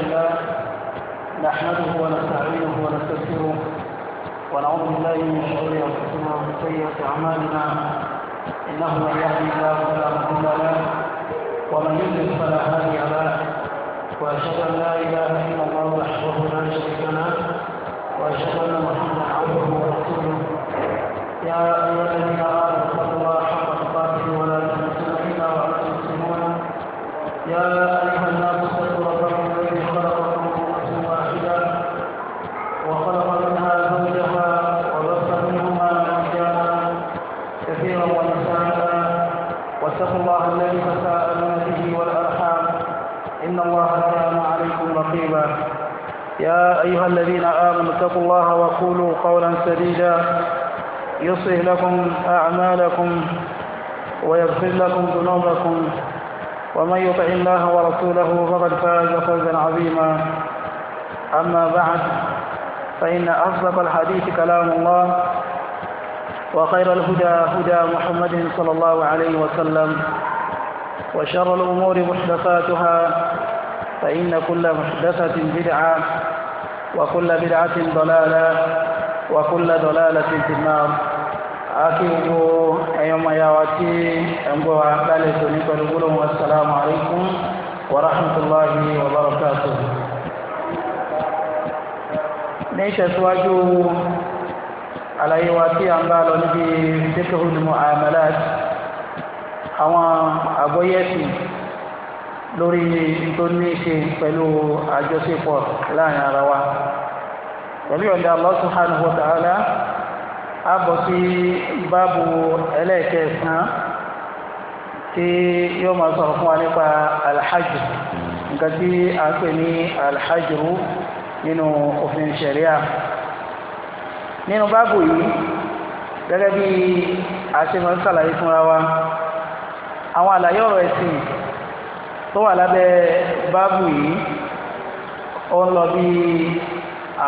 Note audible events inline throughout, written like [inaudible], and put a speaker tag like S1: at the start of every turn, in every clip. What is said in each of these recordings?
S1: الله نحمده ونستعينه ونستغفره ونعوذ بالله من شرور انفسنا ومن سيئات اعمالنا انه من يهدي الله فلا مضل له ومن يضلل فلا هادي له واشهد ان لا اله الا الله وحده لا شريك له واشهد ان محمدا عبده ورسوله يا ايها الذين امنوا وقولوا قولا سديدا يصلح لكم أعمالكم ويغفر لكم
S2: ذنوبكم ومن يطع الله ورسوله فقد فاز فوزا عظيما أما بعد فإن أصدق الحديث كلام الله وخير الهدى هدى محمد صلى الله عليه وسلم وشر الأمور محدثاتها فإن كل محدثة بدعة وكل بدعة ضلالة وكل ضلالة في النار akíwò ẹ̀yọ́mọ̀ ya wa tí ẹ̀ngbọ́ wa lálẹ́
S1: tó ní pẹ̀lú gbólóhùn assalamu alaikum wa rahmatullahi wa barakatuh.
S2: ní ìṣẹ̀síwájú àlàyé wa tí a ń bá lọ níbi fiqhul mu'amalat àwọn àgbọ́yẹ̀sì lórí tó ní ṣe pẹ̀lú àjọṣepọ̀ láàrin ara wa pẹ̀lú ọ̀dà Allah subhanahu wa ta'ala a bọ̀ sí báàbù ẹlẹ́ẹ̀kẹsàn-án tí yóò máa sọ̀rọ̀ fún wa nípa alhajj nǹkan tí a pè ní alhajj nínú òfin báàbù yìí gẹ́gẹ́ bí a ṣe máa ń sàlàyé fúnra wa àwọn àlàyé ọ̀rọ̀ ẹ̀sìn tó wà lábẹ́ báàbù yìí ó ń lọ bí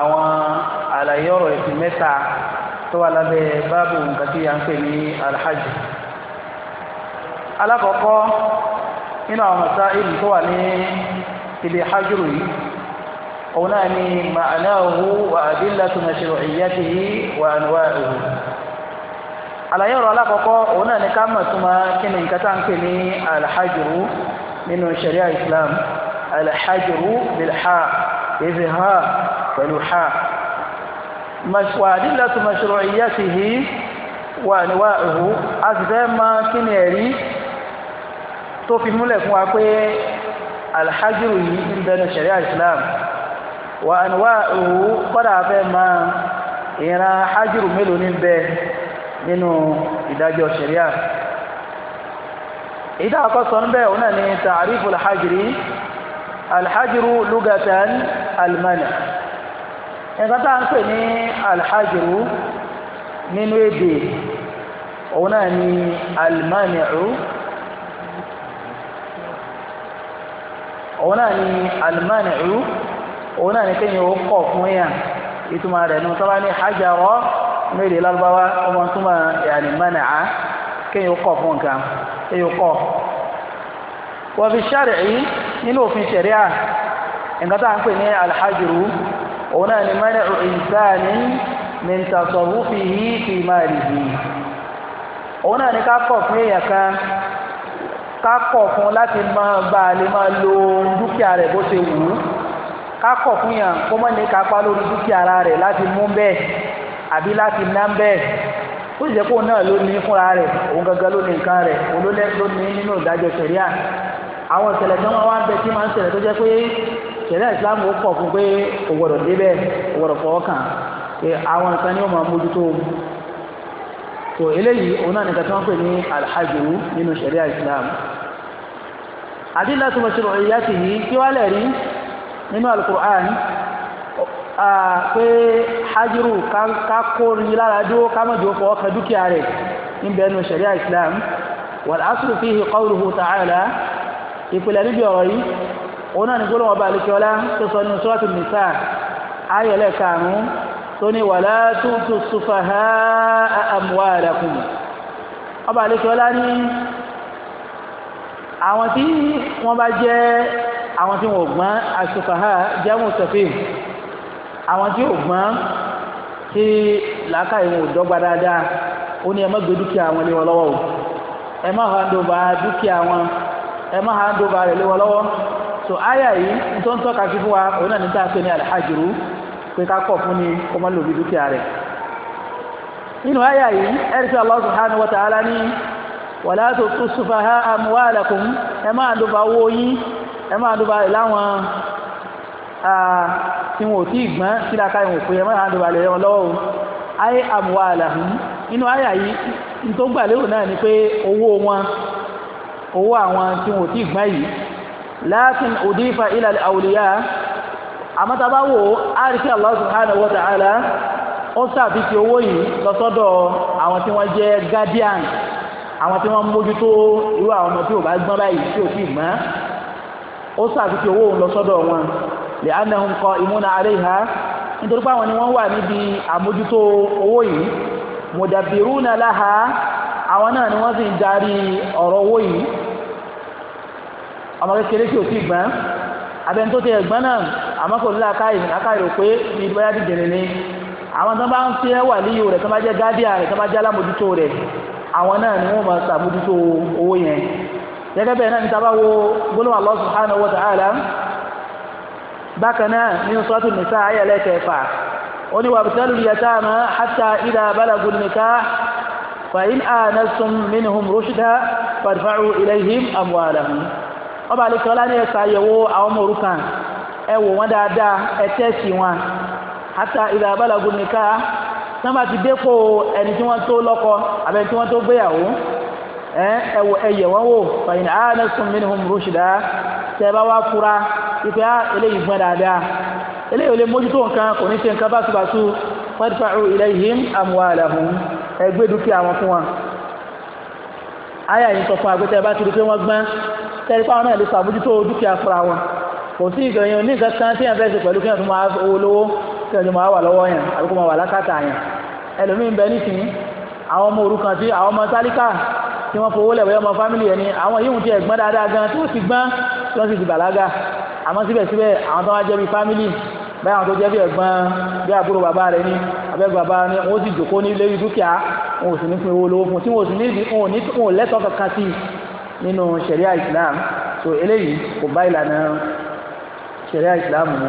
S2: àwọn àlàyé ọ̀rọ̀ ẹ̀sìn mẹ́ta tó wà lábẹ́ báàbù nǹkan tí a ń pè ní alhajj alákọ̀ọ́kọ́ nínú àwọn mọ̀sá ìlú tó wà ní ibi hajjúrù yìí òun náà ni ma'anáhu wa adillatu mashru'iyyatihi wa anwa'uhu àlàyé ọ̀rọ̀ alákọ̀ọ́kọ́ òun náà ni ká mọ̀ túnmọ̀ kí ni nǹkan tá ń pè ní alhajjúrù nínú sharia islam alhajru bilha ibi ha pẹ̀lú ha wàdílàtú mashru'iyyatihi wà níwáàhù a sì fẹ́ máa kí ni ẹ̀rí tó fi múlẹ̀ fún wa pé alhajru yìí ń bẹnu sharia islam wà níwáàhù kọ́dà fẹ́ máa ìran hajru mélòó ní bẹ nínú ìdájọ́ sharia èyí tá a kọ́ sọ níbẹ̀ òun náà ni tààrífù alhajiri alhajiru lugatan almana nǹkan tá à ń pè ní alhajiru nínú èdè òun náà ni almani'u òun náà ni almani'u òun náà ni kéèyàn ó kọ̀ fún yàn ìtumọ̀ rẹ̀ ní sábà ní hajarọ́ ní èdè lárúbáwá ọmọ túmọ̀ yàní mana'a kéèyàn ó kọ̀ fún nǹkan èyòkọ́ wọ́n fi ṣàrẹ̀ yìí nínú òfin ṣẹ̀ríà nǹkan tá à ń pè ní alhajru òun náà ni mẹ́rẹ̀ẹ́rù ìsáàní min tasarrufihi fi malihi òun náà ni ká kọ̀ fún èèyàn kan ká kọ̀ fún láti máa bá lè máa lo dúkìá rẹ̀ bó ṣe wù ú ká fún yàn kó mọ̀ ní kápá lórí dúkìá ara rẹ̀ láti mú bẹ́ẹ̀ àbí láti ná bẹ́ẹ̀ ó sì jẹ́ pé òun náà ló ní fúnra rẹ̀ òun gangan ló ní nǹkan rẹ̀ òun ló ní nínú ìdájọ́ sẹ̀ríà àwọn ìṣẹ̀lẹ̀ tó máa wá ń bẹ tí máa ń ṣẹlẹ̀ tó jẹ́ pé sẹ̀ríà ìsìlámù ó pọ̀ fún pé òwòrò débẹ̀ òwòrò fọwọ́ kàn pé àwọn nǹkan ni máa mójútó tó eléyìí òun náà nìkan tí wọ́n pè ní pé hajiru kákórí lára dúró kámọ̀jọ́ fọ́ ọkàn dúkìá rẹ̀ níbẹ̀ nù sharia islam wal aslu fihi qawluhu ta'ala ìpìlẹ̀ níbi ọ̀rọ̀ yìí òun náà ní gbólóhùn ọba àlùkíọ́lá tó sọ nínú sọ́ọ̀tù nìsà ayẹ̀lẹ̀ karùn-ún tó ní wala tu'tu àwọn tí ò gbọ́n tí làákàyè wọn ò dọ́gba dáadáa ó ní ẹ má gbé dúkìá wọn lé wọn lọ́wọ́ o ẹ má dúkìá wọn ẹ má lé wọn lọ́wọ́ so àyà yìí tó ń fún wa òun náà ní tá a pè ní alhajiru pé ká kọ̀ fún ni kó má lòbi dúkìá rẹ̀ àyà yìí ẹ̀rí sí Allah subhanahu wa ta'ala tí wọn ò tí ì gbọ́n sí laka ìwọ̀n pé ẹmọ́ àwọn àdìbàlẹ̀ ẹ̀wọ̀n lọ́wọ́ o ayé àbúwà àlàhùn nínú àyà yìí ní tó gbà lérò náà ni pé owó wọn owó àwọn tí wọn tí gbọ́n yìí láàkín òdìfà ilal awliya àmọ́tàbáwò àríkí Allah subhanahu wa ta'ala ó sàbí ti owó yìí lọ́sọ́dọ̀ àwọn tí wọ́n jẹ́ guardian àwọn tí wọ́n mójútó irú àwọn ọmọ tí ò wọn li'annahum qa'imuna 'alayha nítorí pé àwọn ni wọ́n wà níbi àmójútó owó yìí mudabbiruna laha àwọn náà ni wọ́n sì ń darí ọ̀rọ̀ owó yìí ọmọ kékeré tí ò tí gbọ́n abẹni tó ti ẹ̀gbọ́n náà àmọ́ kò ní làákàyè làákàyè rò pé ní bóyá ti dèrè ni àwọn tó bá ń fi ẹwà líyò rẹ̀ tó bá jẹ́ gádíà rẹ̀ tó bá jẹ́ alámòjútó rẹ̀ àwọn náà ni wọ́n máa ṣàmójútó owó yẹn gẹ́gẹ́ bẹ́ẹ̀ náà ní bákan náà nínú sọ́tù nìsá ayé ẹlẹ́kẹ̀ẹ́fà ó ní wàbùtẹ́lù yatama hatta idha balagun nikah fàyín anastum minhum rushda fadfa'u ilayhim amwalahum ọba àlekọ́lá ní ẹ̀ka àyẹ̀wò àwọn ọmọ òrukàn ẹ wò wọ́n dáadáa ẹ tẹ́sì wọn hatta idha balagun nikah náà bá ti dépò ẹni tí wọ́n tó lọ́kọ àbẹ̀ tí wọ́n wò fàyín anastum minhum rushda tẹ́ wá fura ìpè á ah, eléyìí gbọ́n dáadáa eléyìí ò lè mójútó nǹkan kò ní ṣe nǹkan bá ṣubàṣu fadfa'u ilayhim amwalahum ẹ gbé dúkìá wọn fún wa. ayà yìí sọ fún agbẹ́tẹ́ bá ti di pé wọ́n gbọ́n tẹ́lẹ̀ pàwọn náà lè sàmójútó dúkìá fúnra wọn kò sí ìgbẹ̀yìn ní nǹkan kan tí yẹn fẹ́ẹ́ ṣe pẹ̀lú kí yẹn tún máa owó lówó kí yẹn tún máa wà lọ́wọ́ yẹn àbí kó máa wà lákàtà yẹn ẹlòmíín bẹ nísìnyí àwọn ọmọ òrukàn tí àwọn ọmọ tálíkà tí wọ́n fowó lẹ̀wẹ́ ọmọ fámìlì yẹn ni àwọn yìí ń ti ẹ̀gbọ́n dáadáa gan tí wọ́n ti gbọ́n tí wọ́n ti bàlágà àmọ́ síbẹ̀síbẹ̀ àwọn tó wá jẹ́ bí fámílì báyìí àwọn tó jẹ́ bí ẹ̀gbọ́n bí àbúrò bàbá rẹ̀ ní abẹ́gbọ́n bàbá ní wọ́n sì jòkó ní lérí dúkìá wọn ò sì ní pin owó lówó fún tí wọn ò sì ní wọn ò lẹ́tọ̀ọ́ kankan sí nínú ṣẹ̀ríà Islam so eléyìí kò bá ìlànà ṣẹ̀ríà Islam mu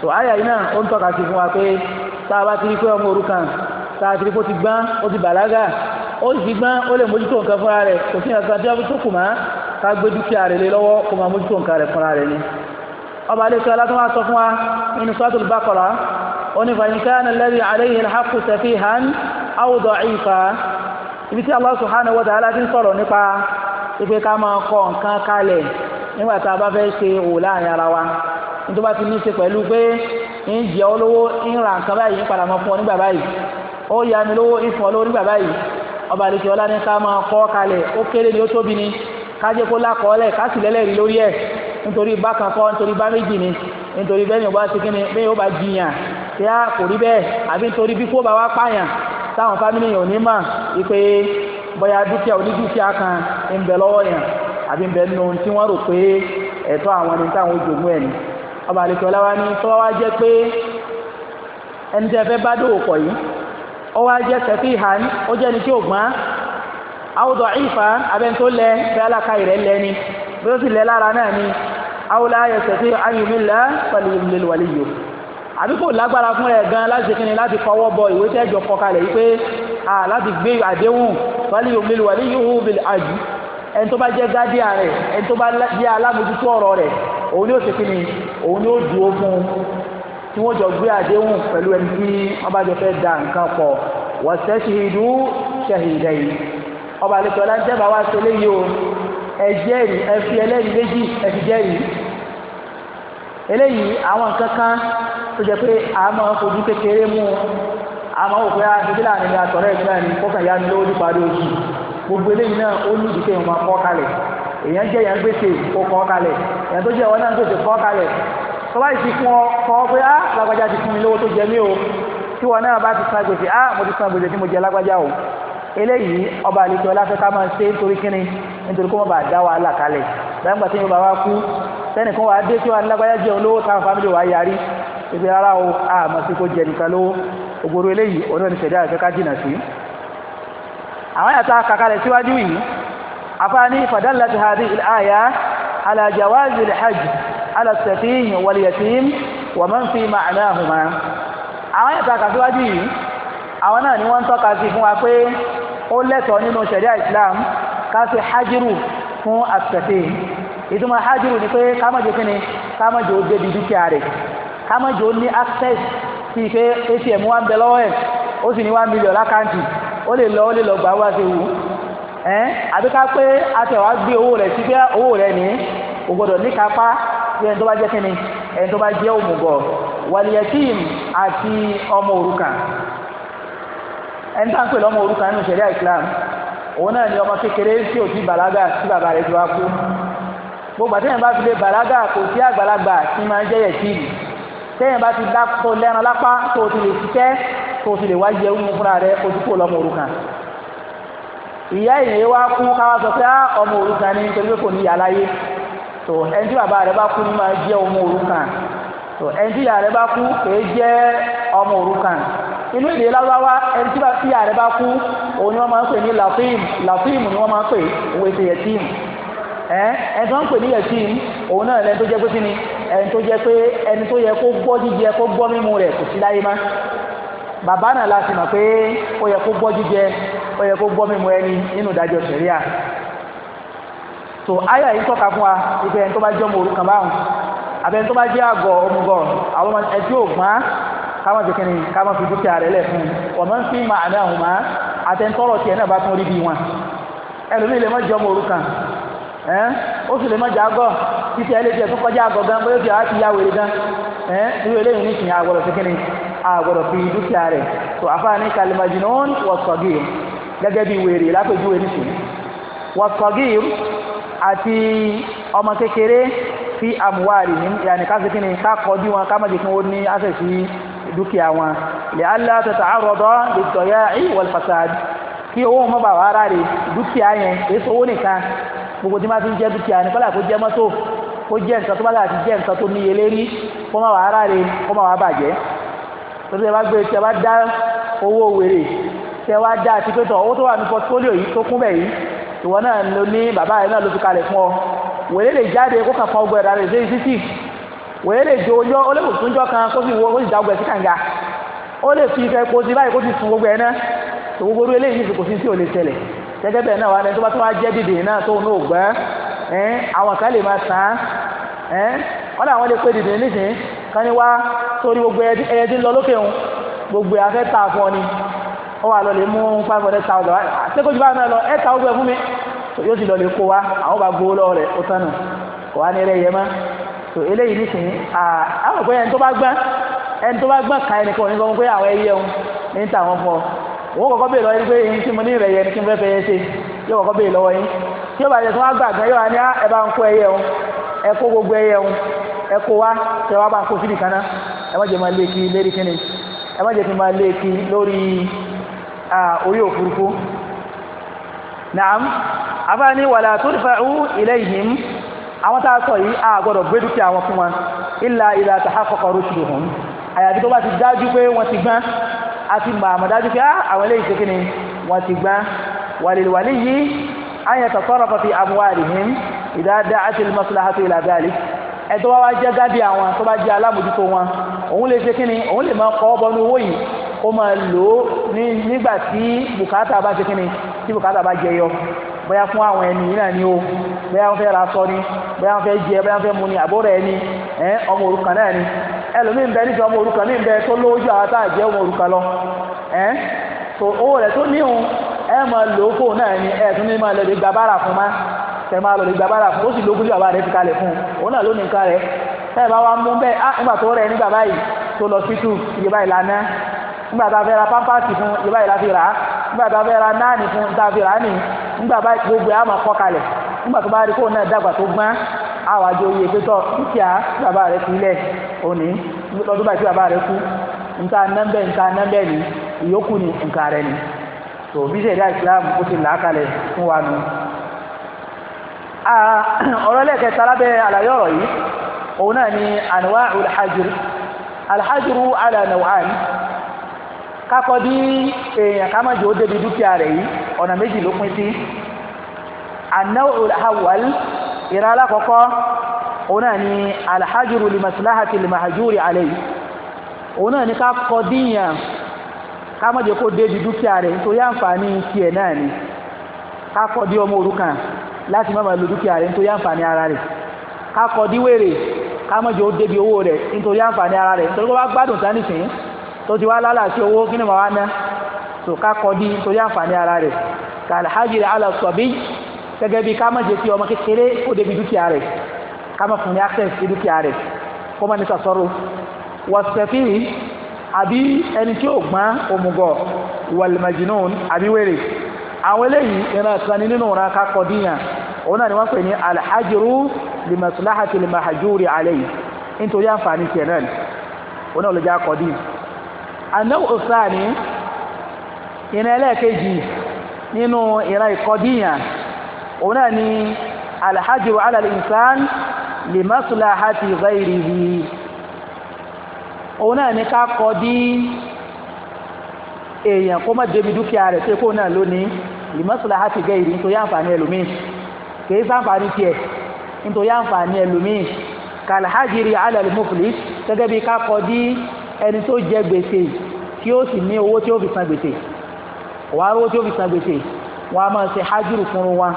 S2: so àyà yìí náà ó ń tọ́ka sí fún wa pé tá a bá ti rí pé ọmọ òrukàn tá a ti rí pé ó ti gbọ́n ó ti bàlágà ó sì gbọ́n ó lè mójútó nǹkan fúnra rẹ̀ kò sí nǹkan tí wọ́n fi tó kù mọ́ ká gbé dúkìá rẹ̀ lé lọ́wọ́ kó máa mójútó nǹkan rẹ̀ fúnra rẹ̀ ni ọba alẹ́kọ́ látọ́ wá sọ fún wa nínú suratul Baqara ó ní fa in kana alladhi alayhi al-haqqu safihan aw da'ifa ibi tí Allah subhanahu wa ta'ala ti ń sọ̀rọ̀ nípa pípé ká máa kọ nǹkan kalẹ̀ nígbà bá fẹ́ ṣe òwò láàrin ara wa nítorí wọ́n ti ní ṣe pẹ̀lú pé ń jẹ́ ọ ń ra nǹkan báyìí ń padà mọ́ fún ọ ó yá mi lówó ń lówó nígbà báyìí ọba àlejò ọlá ní ká máa kọ kalẹ̀ ó kéré ni ó tóbi ni ká jẹ́ kó lákọ̀ọ́lẹ̀ ká sì lẹ́lẹ́rìí lórí ẹ̀ nítorí bá kan kọ́ nítorí bá méjì ni nítorí bẹ́ẹ̀ ni ó bá ṣe kíni bẹ́ẹ̀ ó bá jiyàn tí a kò rí bẹ́ẹ̀ àbí nítorí bí kó bá wá pààyàn táwọn fámìlì yẹn ò ní mà wípé bóyá dúkìá onídúkìá kan ń bẹ lọ́wọ́ yẹn àbí ń bẹ nínú tí wọ́n rò pé ẹ̀tọ́ àwọn ẹni táwọn ojoogun ẹ̀ ni ọba àlekè ọlá wa ní tọ́wọ́ wá jẹ́ pé ẹni tẹ́ fẹ́ bá dòwò pọ̀ yìí ó wá jẹ́ sẹ́fì ìhàn ó jẹ́ ẹni tí ò gbọ́n àwùjọ ìfà abẹ́ntó lẹ fẹ́ alákàyè rẹ̀ lẹ́ni bí ó sì lẹ́ lára náà ni àwòlá ayẹsẹsẹ ayùmílẹ pẹ̀lú ìmìlẹwàlẹyò àbí kò lágbára fún rẹ gan láti kíni láti fọwọ́ bọ ìwé tẹ́jọ kọ kalẹ̀ yìí pé à láti gbé àdéhùn pẹ̀lú ìmìlẹwàlẹyò bìl àjù ẹni tó bá jẹ́ gádíà rẹ ẹni tó bá jẹ́ alámòjútó ọ̀rọ̀ rẹ òun ni ti kíni ẹ jẹ́rìí ẹ fi ẹlẹ́rìí méjì ẹ fi jẹ́rìí eléyìí àwọn nǹkan kan tó jẹ́ pé a máa fojú kékeré mú àmọ́ òkú ya ìdílé àná ni àtọ̀rẹ́ ìdílé àná kọ́kàn ya ni lówó nípa lójú gbogbo eléyìí náà ó ní ìdíkẹ́ ìwọ̀n kọ́ kalẹ̀ èèyàn jẹ́ èèyàn gbèsè kó kọ́ kalẹ̀ èèyàn tó jẹ́ ìwọ̀n náà gbèsè kọ́ kalẹ̀ tó bá ti fún ọ kọ́ pé á ah, lágbájá ti fún mi lówó tó jẹ mí o tí wọn náà bá ti san gbèsè á ah, mo ti san gbèsè tí mo jẹ lágbájá o eléyìí ọba àlejò ọlá fẹ́ ká máa ṣe nítorí kíni nítorí kó wọ́n bá dá wàhálà kalẹ̀ dáńgbà tí yorùbá wa kú sẹ́nìkan wà á dé tí wà lágbáyà jẹ́ olówó táwọn fámìlì wà á yarí ibi ara o àmọ́ sí kó jẹ nìkan lówó ògbóró eléyìí ọ̀nà ní sẹ̀dá àgbẹ̀ká jìnà sí. àwọn yàtọ̀ kàkalẹ̀ síwájú yìí afaani fadallat hadhihi al-aya ala jawazi hajj ala as-safiy wal-yatim wa man àwọn yàtọ̀ kàkàsíwájú yìí àwọn náà ni wọ́n tọ́ka sí fún wa pé ó lẹ́tọ̀ọ́ nínú sẹ̀dá Islam káṣe hajiru fún àtẹ̀tẹ̀ ìtumọ̀ hajiru ni pé kámọ̀jò kíni kámọ̀jò débi dúkìá rẹ̀ kámọ̀jò ní access sí pé atm wà ń bẹ lọ́wọ́ ẹ̀ ó sì ní one million lákàntì ó lè lọ ó lè lọ gbà wá sí wù ẹ́ àbí ká pé àtẹ̀wá gbé owó rẹ̀ sí pé owó rẹ̀ ní o gbọ́dọ̀ ní kápá bí ẹni tó bá jẹ́ kíni ẹni tó bá jẹ́ òmùgọ̀ wàlíyàtìm àti ọmọ òrukàn ẹni tá ń pè lọ́mọ òrukàn nínú ìṣẹ̀lẹ̀ Islam òun náà ni ọmọ kékeré tí ò ti bàlágà tí bàbá rẹ̀ ti wá kú gbogbo àtẹ̀yìn bá fi lè bàlágà kò sí àgbàlagbà tí máa ń jẹ́ yẹ̀tìrì tẹ́yìn bá ti dákọ̀ lẹ́ran lápá tó o ti lè ṣiṣẹ́ tó o ti lè wá jẹ ohun fúnra rẹ̀ o ti kó lọ́mọ òrukàn ìyá ìyẹn wá kú káwá sọ pé ọmọ òrukàn ni nítorí pé kò ní ìyá láyé tó ẹni tí bàbá rẹ̀ bá kú ni máa jẹ́ ọmọ òrukàn tó ẹni tí ìyá rẹ̀ bá kú kò jẹ́ ọmọ òrukàn inú èdè lábáwá ẹni tí bá fi ààrẹ bá kú òun ni wọ́n máa ń pè ní làfíìm làfíìm ni wọ́n máa ń pè òun ètò yẹtíìm ẹni tó ń pè ní yẹtíìm òun náà lẹni tó jẹ́ pé kí ni ẹni tó jẹ́ pé ẹni tó yẹ kó gbọ́ jíjẹ kó gbọ́ mímu rẹ̀ kò sí láyé má bàbá náà la sì mọ̀ pé ó yẹ kó gbọ́ jíjẹ ó yẹ kó gbọ́ mímu ẹni nínú ìdájọ́ sẹ̀ríà so aya yìí tọ́ka fún wa ìpè ẹni tó bá jẹ́ ọmọ òrukàn báwọn àbẹ́ni tó bá jẹ́ àgọ́ òmùgọ̀ àwọn ẹni tí ò káma fi kíni káma fi dúkìá rẹ̀ lẹ̀ fún wa man fi ma'nahuma àtẹ̀ntọ́rọ̀ tiẹ̀ náà bá tún rí bí wọn ẹlòmíì lè má jọ ọmọ òrukàn ẹ́ ó sì lè má jà gọ́ títí ẹlẹ́jẹ̀ tó kọjá àgọ́ gan bóyá bíi àti ya wèrè gan ẹ́ irú eléyìí ní ìsìn àgbọ̀dọ̀ sí kíni àgbọ̀dọ̀ fi dúkìá rẹ̀ tó àfáà ní kalimajinun wọ̀sọ̀gì gẹ́gẹ́ bíi wèrè lápèjúwe nísìn wọ̀sọ̀gì àti ọmọ kékeré fi àmúwárì ní yàní ká sí kíni ká kọjú wọn ká má jẹ́ kí wọ́n ní àṣẹ sí dúkìá wọn lè alátẹ̀tà àrọ̀dọ́ lè tọ̀yà ìwọ̀l fasad kí owó mọ́ bàbá ara rẹ̀ dúkìá yẹn kì í sowó nìkan gbogbo tí ma ti ń jẹ́ dúkìá ní kọ́lá kó jẹ́ mọ́tò kó jẹ́ nǹkan tó bá láti jẹ́ nǹkan tó níye lérí kó má wàá ara rẹ̀ kó má wàá bàjẹ́ tọ́jú ẹ bá gbé tí ẹ bá dá owó wèrè tí ẹ wá dá àti pé tọ̀ owó tó wà ní pọtifólíò yìí tó kún bẹ̀ yìí ìwọ náà ní bàbá rẹ̀ náà ló fi kalẹ̀ fún ọ wèrè lè jáde kó kà fún ọgbẹ́ rẹ̀ lè wèé lè jo ọjọ́ ó lè kò túnjọ́ kan kó sì wo ó sì da ọgbẹ́ sí kànga ó lè fi ife epo sí báyìí kó sì sun gbogbo ẹ̀ náà tó gbogbo orí eléyìí sì kò sí tí ò lè tẹ̀lẹ̀ gẹ́gẹ́ bẹ́ẹ̀ náà wà ní tó bá tó wá jẹ́ dìde náà tó ń gbẹ́ ẹ́ àwọn kan lè máa sàn án ẹ́ wọ́n làwọn lè pé dìde nísìn kan ní wá sórí gbogbo ẹyẹ tí ń lọ lókè òun gbogbo afẹ́ ta fún ọ ni ó wà lọ lè mú five hundred ta ó so eléyìí nísìnyí àwọn òpin ẹni tó bá gbọ́n ẹni tó bá gbọ́n ka ẹnì kan onígbọ́n pé àwọn ẹyẹ òun ní ta àwọn fún ọ òun kọ́kọ́ bèèrè lọ́wọ́ yín pé èyí tí mo ní ìrẹ̀yẹ ni kí n fẹ́ fẹ́ yẹ ṣe yóò kọ́kọ́ bèèrè lọ́wọ́ yín tí ó bá yẹ tí wọ́n gbà gan yóò wá ní ah, ẹ bá ń kó ẹyẹ òun ẹ kó gbogbo ẹyẹ òun ẹ kó wá tẹ wá bá kó síbi kan ẹ má jẹ́ máa lé kí lérí kíni ẹ má jẹ́ kí máa lé kí lórí orí òfurufú naam afáàní wàlà àwọn tá a sọ yìí a gbọ́dọ̀ gbé dúkìá wọn fún wọn ilà ilà tahaqqaqa rushduhum àyàfi tó bá ti dájú pé wọ́n ti gbọ́n àti màmá dájú pé ah, àwọn eléyìí ṣe kíni wọ́n ti gbọ́n walil waliyyi an yatasarrafa fi amwalihim idha da'at al-maslahatu ila dhalik ẹ̀tọ́ wá wá jẹ́ gádì àwọn tó bá jẹ́ alámòjútó wọn òun lè ṣe kíni òun lè máa kọ́ bọnú owó yìí kó máa lò ó nígbà tí bùkátà bá ṣe kíni tí bùkátà bá jẹyọ bóyá fún àwọn ẹni yìí náà ni o bóyá wọ́n fẹ́ ra sọ ni bóyá wọ́n fẹ́ jẹ bóyá wọ́n fẹ́ mu ni àbúrò ẹni ẹ ọmọ òrukàn náà ni ẹlòmíín bẹ níṣẹ́ ọmọ òrukàn míín bẹ tó lówó ju àwọn tá à jẹ́ ọmọ òrukàn lọ ẹ tó owó rẹ̀ tó níhun ẹ máa lò ó fóun náà ni ẹ tún ní máa lọ lè gba bára fún má tẹ máa lọ lè gba bára fún ó sì lókun tí bàbá rẹ̀ fi kalẹ̀ fún òun náà ló ní nǹkan rẹ̀ ẹ bá wa mú bẹ́ẹ̀ á nígbà tó rẹ̀ nígbà báyìí tó lọ sí tù iye báyìí lánàá nígbà tá a fẹ́ ra pampasì fún iye báyìí la fi rà á nígbà tá a fẹ́ ra náà nì fún tá a fi rà á nìyí nígbà bá gbogbo ẹ̀ á máa kọ́ kalẹ̀ nígbà tó bá rí kóun náà dàgbà tó gbọ́n àwọn àjọ oyè pé tọ́ dúkìá bàbá rẹ̀ sílẹ̀ òní lọ́dún báyìí tí bàbá rẹ̀ kú nǹka nẹ́mbẹ̀ nǹka nẹ́mbẹ̀ ni ìyókù ni nǹka rẹ̀ ni tó bí sẹ̀dá Islam ó ti làákalẹ̀ fún wa nù. ọ̀rọ̀ lẹ́ẹ̀kẹta lábẹ́ àlàyé ọ̀rọ̀ yìí òun náà ni anwa'ul hajr alhajru ala kakọ bí èèyàn ká má jò ó débi dúkìá rẹ̀ yìí ọ̀nà méjì ló pín sí anáwó awal ìran alákọ̀ọ́kọ́ òun náà ni alhajuru limaslahati limahajuri alayhi òun náà ni kakọ díyàn ká má jẹ́ kó débi dúkìá rẹ̀ nítorí àǹfààní tiẹ̀ náà ni kakọ dí ọmọ òrukàn láti má má lo dúkìá rẹ̀ nítorí àǹfààní ara rẹ̀ kakọ dí wèrè ká má jẹ́ ó débi owó rẹ̀ nítorí àǹfààní ara rẹ̀ nítorí kó bá gbádùn tán nìsín tó ti wá lálà sí owó kí ni màá wá ná tó ká kọ́ di torí àǹfààní ara rẹ̀ kàlẹ́ hajjiri alasọ̀bí gẹ́gẹ́ bí ká má jẹ́ kí ọmọ kékeré ó débi dúkìá rẹ̀ ká má fún ní access sí dúkìá rẹ̀ kó má ní sàsọ́rọ̀ wọ́sẹ̀fìrì àbí ẹni tí ó gbọ́n òmùgọ̀ wàlìmàjìnnún àbí wèrè àwọn eléyìí ìran kan nínú ìran ká kọ́ díyàn òun náà ni wọ́n pè ní alhajiru limaslahati limahajuri alayhi nítorí àǹfààní tiẹ̀ náà òun náà ló jẹ́ akọ́díyàn anáwó ọ̀sán ìrìn ẹlẹ́ẹ̀kejì nínú ìran ìkọdíyàn òun náà ni alhajru ala al-insan li maslahati ghayrihi òun náà ni ká kọdí èèyàn kó má débi dúkìá rẹ̀ pé kó náà lónìí li maslahati ghayrihi nítorí àǹfààní ẹlòmíì kìí sáǹfààní tiẹ̀ nítorí àǹfààní ẹlòmíì kalhajri ala al gẹ́gẹ́ bí ká kọdí ẹni tó jẹ gbèsè tí ó sì ní owó tí ó fi san gbèsè wàá owó tí ó fi san gbèsè wọn máa ṣe hajjúrù fún wa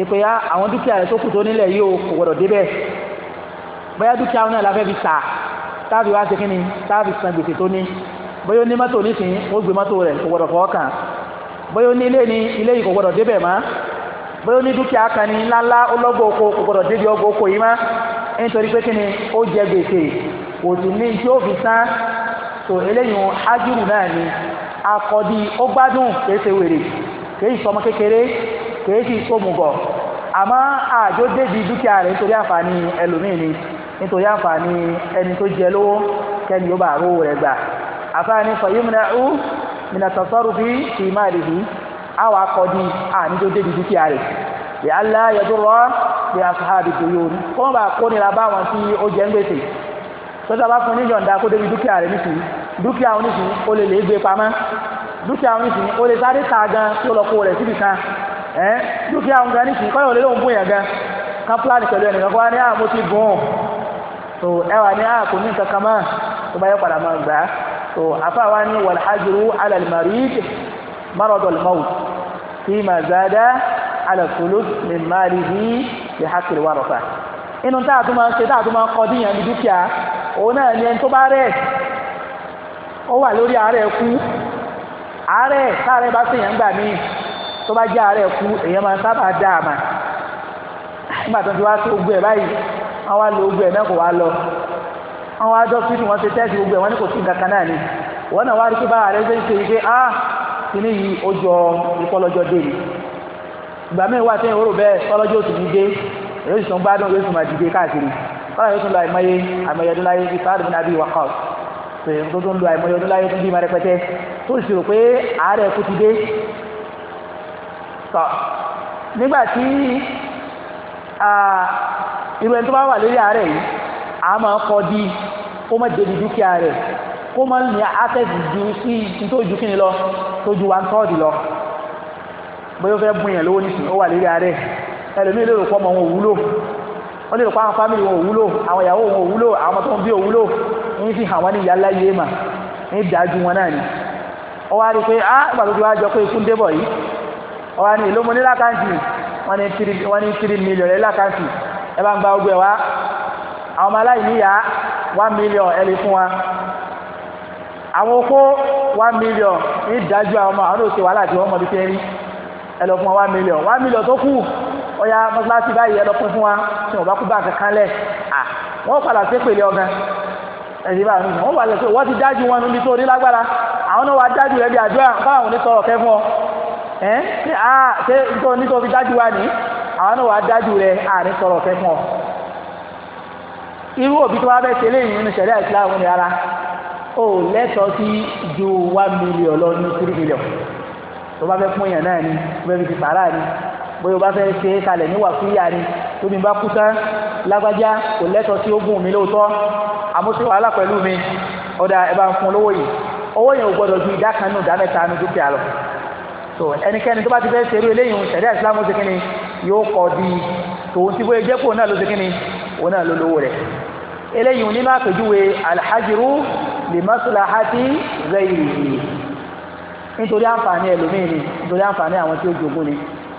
S2: ìpè ya àwọn dúkìá rẹ tó kù tó nílẹ̀ yìí ó kò gbọdọ̀ débẹ̀ bóyá dúkìá náà la fẹ́ fi tà táàbì wá ṣe kí ni táàbì san gbèsè tó ní bóyá ó ní mọ́tò nísìnyí ó gbé mọ́tò rẹ̀ kò gbọdọ̀ fọwọ́ kàn bóyá ó ní ilé ní ilé yìí kò gbọdọ̀ débẹ̀ má bóyá ó ní dúkìá kan ní ńláńlá ó lọ́gbọ̀ kò gbọdọ̀ débi ọgbọ̀ yìí má nítorí pé kí ó jẹ gbèsè kò sì ní tí ó fi tán tó eléyìí ájúrù náà ni akọ́dí ó gbádùn kìí wèrè kìí sọmọ kékeré kìí elu sómùgọ̀ àmọ́ àjò débi dúkìá rẹ̀ nítorí àǹfààní ẹlòmíì ni nítorí àǹfààní ẹni tó jẹ lówó kẹ́ni yóò bá rówó rẹ̀ gbà àfáàní fọyímúnà ú mìnàtọ̀sọ́rù fi fi máa lè àwọn akọ́dí débi dúkìá rẹ̀ bí ha bìtò kó wọn bá kó nira báwọn tí ó jẹ tọ́jú àbá fún níyọ̀ǹda kó débi dúkìá rẹ̀ nísìnyí dúkìá onísìnyí ó lè lè gbé pamọ́ dúkìá onísìnyí ó lè sáré ta gan tí ó lọ kó rẹ̀ síbi kan ẹ̀ dúkìá òun gan nísìnyí kọ́yọ̀ lè lóun bún yẹn gan ká pílánì pẹ̀lú ẹnìkan kó wá ní à ti gùn tó ẹ ní à kò ní nǹkan kan mọ́ tó bá yẹ padà máa gbà á tó àfa wa ní wal hajru ala al marid marad al maut inú táà tó máa ń ṣe táà tó máa ń ní dúkìá òun náà ni ẹni tó bá rẹ̀ ó wà lórí ààrẹ kú ààrẹ táàrẹ̀ bá ṣèyàn gbà míì tó bá jẹ́ ààrẹ kú èèyàn máa sábà dá àmà nígbà tó ti wá sí ogun ẹ̀ báyìí wọ́n wá lo ogun ẹ̀ náà kò wá lọ wọ́n wá ṣe tẹ́sí ẹ̀ wọ́n ní kò sí náà ni wọ́n náà yóò sì tún gbádùn yóò sì máa dìde káàkiri kọ́lá yóò tún lọ àìmọye àìmọye ọdún láyé bíi sáàdùn nàbí wakọ́s tó tún lọ àìmọye ọdún láyé tún bí máa rẹpẹtẹ tó sì rò pé àárẹ̀ kú ti dé tọ́ nígbà tí irú ẹni tó bá wà lórí àárẹ̀ yìí a máa kọ́ di kó má débi dúkìá rẹ̀ kó má ní access ju sí nítorí kí ni lọ tó ju one third lọ bóyá ó fẹ́ bùn yẹn lówó nísìnyí ó wà lórí àárẹ̀ ẹlòmíì lè rò ọmụ ọmọ wọn òwúlò wọ́n lè rò àwọn fámìlì wọn òwúlò àwọn ìyàwó wọn òwúlò àwọn ọmọ tó ń bí òwúlò ń fi hàn wọ́n ní ìyá láyé mà wọn náà ni Ọ wá rí pé á ìgbà tó ti wá jọ pé ikú ń débọ̀ yìí wá ní mo ní lákàntì fún wa àwọn okó ní ìdájú àwọn ọmọ àwọn òṣèwà láti wa ọ̀yà mọ́sálásí báyìí ẹ lọ pín fún wa tí wọ́n bá kú bá kankan lẹ̀ à wọ́n padà sí pèlè ọ̀gá ẹ̀sìn bá mi wọ́n padà sí wọ́n ti dájú wọn níbi tó nílágbára àwọn náà wá dájú rẹ̀ bí àdúrà báwọn ò ní tọrọ kẹ́ fún ọ ẹ́ ṣé nítorí dájú wa nìí àwọn náà wà dájú rẹ àárín sọ̀rọ̀ ọ̀fẹ́ fún ọ irú òbí tó wá bẹ́ ṣe léyìn nínú ṣẹ̀dá ìsìláàmù ní ara ó lẹ́tọ̀ọ́ sí ju one million lọ ní three million tó bá fẹ́ fún èèyàn náà ni tó bẹ́ fi ti pàrà ni bóyá o bá fẹ́ ṣe é kalẹ̀ níwà fúyà ni tóbi bá kú tán lágbájá kò lẹ́tọ̀ọ́ sí ogún mi lóòótọ́ àmọ́ ṣe wàhálà pẹ̀lú mi ọ̀dà ẹ̀ bá ń fún lówó yìí owó yẹn ò gbọ́dọ̀ ju ìdá kan nù ìdá mẹ́ta dúkìá lọ so ẹnikẹ́ni tó bá ti fẹ́ ṣerú eléyìí ṣẹ̀dá ìsìlámù ṣe kínni yóò kọ́ di tòun tí bóyá jẹ́pọ̀ náà ló ṣe kínni òun náà ló lówó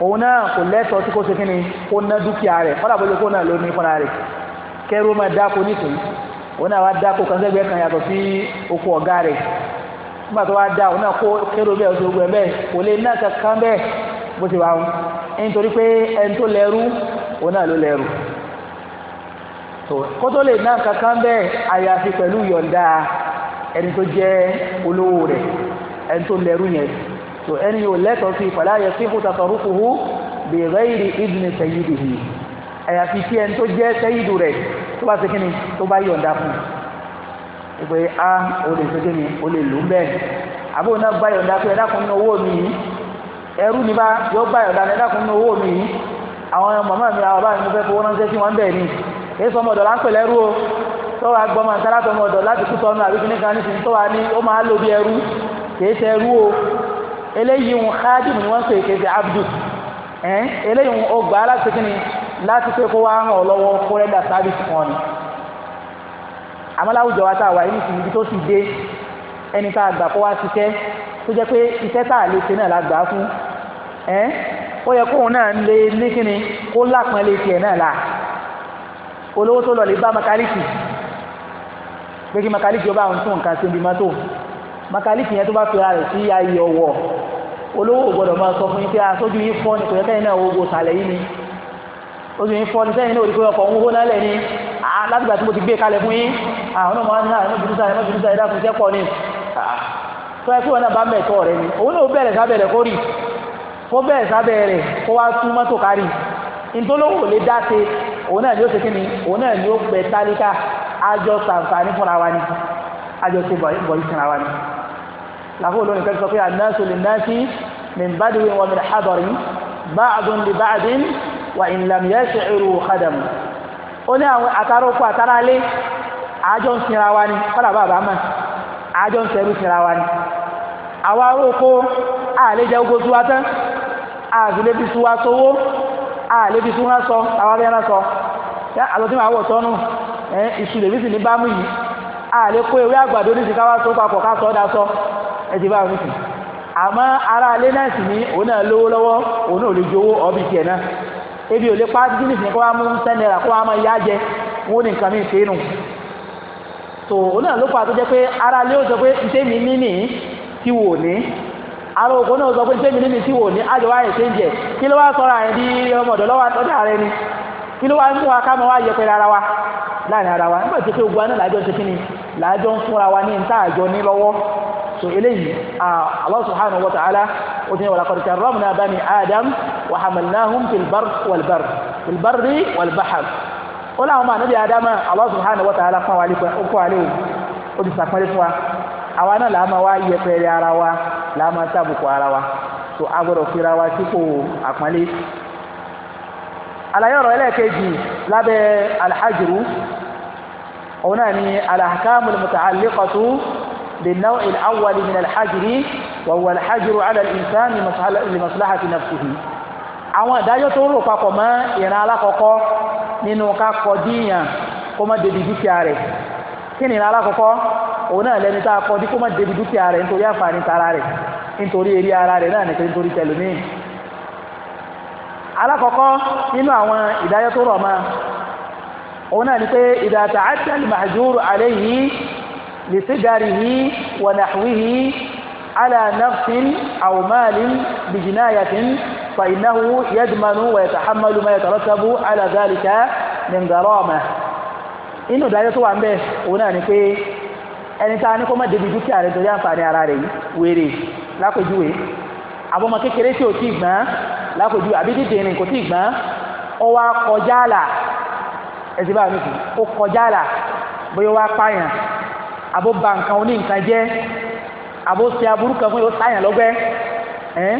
S2: òun náà kò lẹ́tọ̀ọ́ tí kò ṣe kíni kó ná dúkìá rẹ̀ kọ́dà kó náà ló ní fúnra rẹ̀ kẹrù ma dáko nítorí òun náà wá dáko kan kan yàtọ̀ sí oko ọ̀gá rẹ̀ nígbà wá dá òun náà kó kẹ́rù bẹ́ẹ̀ oṣù kò lè ná kankan bẹ́ẹ̀ bó ti wọn pé ẹni tó lẹ́rú òun náà ló lẹ́rú kó tó lè ná kankan bẹ́ẹ̀ àyàfi pẹ̀lú yọ̀ǹda ẹni tó jẹ́ olówó rẹ̀ ẹni tó lẹ́rú yẹn so ẹni yóò lẹ́tọ̀ọ́ sí fala yasihu tasarrufuhu bi ghairi idni sayyidihi àyàfi tí ẹni tó jẹ́ sayyidu rẹ̀ tó bá ṣe kíni tó bá yọ̀ǹda fún un pé a ah, ò lè ṣe kíni ò lè lò ń bẹ́ẹ̀ náà bá yọ̀ǹda pé ẹ̀dákun ní owó mi ẹrú ni bá yọ bá yọ̀ǹda ní ẹ̀dákun ní owó mi àwọn màmá mi àwọn báyìí mo fẹ́ fowó ránṣẹ́ sí wọn bẹ́ẹ̀ ni èyí sọ ọmọdọ̀ là ń pèlè ẹrú o tọ́wọ́ agbọ́mọ àtàlátọ̀ ọmọdọ̀ láti kú sọnù àbí kíní kan nísìnyí tọ́wọ́ ni ó máa lò bí ẹrú kì í ṣe ẹrú o eléyìí ń xaadimu ni wọ́n ń pè kéde abdu ẹ̀ eléyìí ń o gbà á láti ṣe kíni láti pé kó wá ń ràn lọ́wọ́ kó rẹ́dà sábìsì wọn ni àmọ́ láwùjọ wa tá a wà yìí nìkan ibi tó sì dé ẹni tá a gbà kó wá ṣiṣẹ́ tó jẹ́ pé iṣẹ́ tá a lè ṣe náà la gbà fún ẹ̀ ó yẹ kóun náà lè ní kíni kó lápọn lè tiẹ̀ náà la olówó tó lọ lè bá makaliki pé kí makaliki ó bá àwọn tó nǹkan ṣe bí mọ́tò makaliki yẹn tó bá fi ara rẹ̀ sí ayé ọwọ́ olówó gbọ́dọ̀ máa sọ fún yín pé aṣojú ah, yín fọ́ ni kò yẹ kẹ́yìn náà wo sàlẹ̀ yìí ni ojú yín fọ́ ni sẹ́yìn náà olùkọ́ ọkọ̀ ń wó nálẹ̀ ni ah, látìgbà tí mo ti gbé e kalẹ̀ fún yín àwọn ọmọ náà ẹ̀mọ́ bìrìsà ẹ̀mọ́ bìrìsà ẹ̀dá fún sẹ́kọ̀ ni ah, tó ẹ kí wọn náà bá mẹ́tọ́ rẹ ni òun náà bẹ̀rẹ̀ sábẹ̀ rẹ̀ kó rì kó bẹ̀rẹ̀ sábẹ̀ rẹ̀ kó wá tún mọ́tò kárì ntọ́lọ́wọ́ lè dá se òun náà ni ó ṣe kí ni òun náà ni ó pẹ tálíkà àjọ sàǹfààní fúnra wa ni àjọ ṣe bọ̀yì fúnra wa ni من بدو ومن حضر بعض لبعض وإن لم يشعروا خدم ó ní àwọn àtàrókù àtàrálé àjọ ń sinra wa ni kọ́lá bàbá mọ̀ àjọ ń sẹ́rú sinra wa ni àwọn aróko àlejò ogójú wa tán àgbélébísú wa sówó àlébísú wọn sọ àwọn abẹ́rẹ́ sọ àlọ́ tí màá wọ̀ tọ́nu ìṣù lèmi sì ní bámú yìí àlékó ewé àgbàdo ní ti ká wá só papọ̀ ká sọ́ dá sọ ẹ ti bá wọn nìsín àmọ́ ara alẹ́ náà sì ní òun náà lówó lọ́wọ́ òun náà lè jowó ọbí tiẹ̀ náà ebi ò lè pa bí nìsín kó wá mú ten kó wá máa yá jẹ wọn ní nǹkan mi nù tó òun náà ló pa tó jẹ́ pé ara alẹ́ ó sọ pé ntẹ́ mi ní nìyí tí wò ní ara òkú náà sọ pé mi ní nìyí tí wò ní ṣe ń jẹ kí kí ló wá ń mú wa ká máa wá yẹpẹrẹ ara wa láàrin ara wa nígbà tí pé ogun aná làájọ ṣe kí ni làájọ ń fúnra wa ní níta àjọ ní lọ́wọ́ so eléyìí Allah subhanahu wa ta'ala ó ti ní wa laqad karramna bani adam wa hamalnahum fil barri wal barri fil barri wal bahr ó láwọn máa níbi adama Allah subhanahu wa ta'ala fún wa kó alẹ́ o ó ti sàpẹ́lẹ́ fún wa àwa náà làá máa wá yẹpẹrẹ ara wa làá máa sábùkù ara wa so agbọ́dọ̀ fira wa sípò àpọ́nlé àlàyé ọ̀rọ̀ ẹlẹ́ẹ̀kejì lábẹ́ alhajiru òun náà ni alahakamu mutaalliqatu بالنوع الأول من الحجر وهو على الإنسان لمصلحة نفسه àwọn ìdájọ́ tó rò papọ̀ mọ́ ìran alákọ̀ọ́kọ́ nínú ká kọjú ìyàn kó má débi dúkìá rẹ̀ kí ni ìran alákọ̀ọ́kọ́ òun náà lẹni tá a kọjú kó má nítorí eré ara rẹ̀ náà nìkan nítorí tẹlómìn alákọ̀ọ́kọ́ nínú àwọn ìdájọ́ tó rọ̀ máa òun náà ni pé idha ta'adda al-mahjur alayhi li sigarihi wa nahwihi ala nafsin aw malin bi jinayatin fa innahu yadmanu wa yatahammalu ma yatarattabu ala dhalika min gharamah inú ìdájọ́ tó wà ń bẹ̀ òun yìí wèrè lápèjúwe àbọ̀mọ kékeré tí ò tí lápòjú àbí dídè ní kò tí ì gbọ́n ó wá kọjá àlà ẹ̀sìn bá mi kù ó kọjá àlà bóyá wá pààyàn àbó ba nǹkan oní nǹkan jẹ́ àbó ṣe aburú kan fún yóò sáyàn lọ́gbẹ́ ẹ́n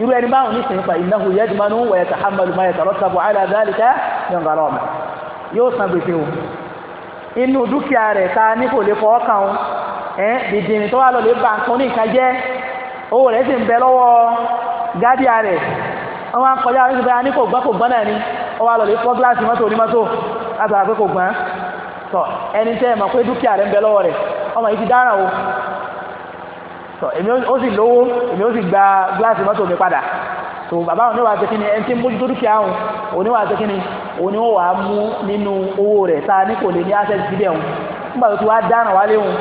S2: irú ẹni báwọn ní sèǹfà innahu yadmanu wa yatahammalu ma yatarattabu ala dhalika min gharam yóò san gbèsè o inú dúkìá rẹ̀ ta ní kò lè fọwọ́ kàn án ẹ́n dìdìrín tó wà lọ lè ba nǹkan oní nǹkan jẹ́ owó rẹ̀ sì ń bẹ lọ́wọ́ gádìá rẹ̀ wọ́n wá ń kọjá ní ìgbà ní kò gbọ́n kò gbọ́n náà ni wọ́n wá fọ́ gíláàsì mọ́tò onímọ́tò láti àpé kò gbọ́n tọ̀ ẹni tẹ́ ẹ̀ pé dúkìá rẹ̀ ń bẹ lọ́wọ́ rẹ̀ ọmọ yìí ti dáràn o tọ̀ èmi ó sì lówó èmi ó sì gba gíláàsì mọ́tò mi padà tó bàbá òní wàá tẹ́kíní ẹni tí ń mójútó dúkìá òun òní wàá tẹ́kíní òní ó wàá mú nínú owó rẹ̀ ta ní kò lè ní access síbẹ̀ òun nígbà tó ti wá dáràn wálé òun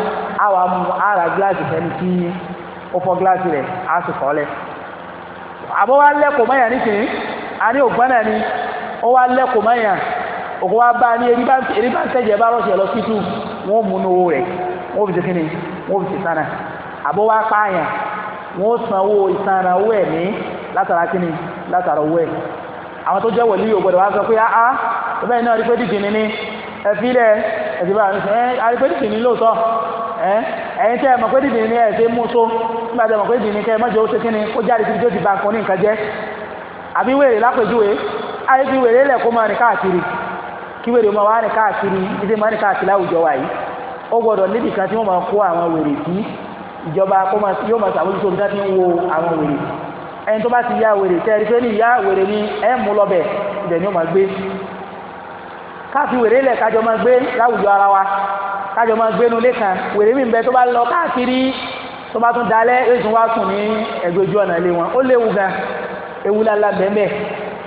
S2: á wàá mú ara gíláàsì ẹni tí ó fọ́ gíláàsì rẹ̀ á sì kọ́ lẹ̀ àbọ̀ wá lẹ́kọ̀ọ́ mọ́yà nísìnyí a ní ògbọ́n náà ni ó wá lẹ́kọ̀ọ́ mọ́yà òkú wá bá ní erí bá ń tẹ̀jẹ̀ bá rọ̀ṣẹ̀ lọ sí tù wọ́n mú owó rẹ̀ wọ́n fi kíni wọ́n fi sànà àbọ̀ wá pààyàn wọ́n sanwó ìsanra owó ẹ̀mí látara kíni látara ẹ̀yin tẹ́ ẹ mọ̀ pé dìbì ní ẹ̀ ṣe mú so nígbà tẹ́ pé dìbì kẹ́ mọ́jọ́ ó ṣe kí ni ó jáde tí ó ti ba nǹkan ní nǹkan jẹ́ àbí wèrè lápèjúwe ayé fi wèrè lẹ̀ kó máa rìn káàkiri kí wèrè máa wá rìn káàkiri ìdí máa rìn káàkiri láwùjọ yìí ó níbi kan tí wọ́n máa máa kájọ máa gbénu lẹ́kàn wèrè mi bẹ tó bá lọ káàkiri tó bá tún dalẹ̀ yóò tún wá sùn ní ẹgbẹ́ ojú ọ̀nà ilé wọn ó léwu gan ewu lala bẹ́ẹ̀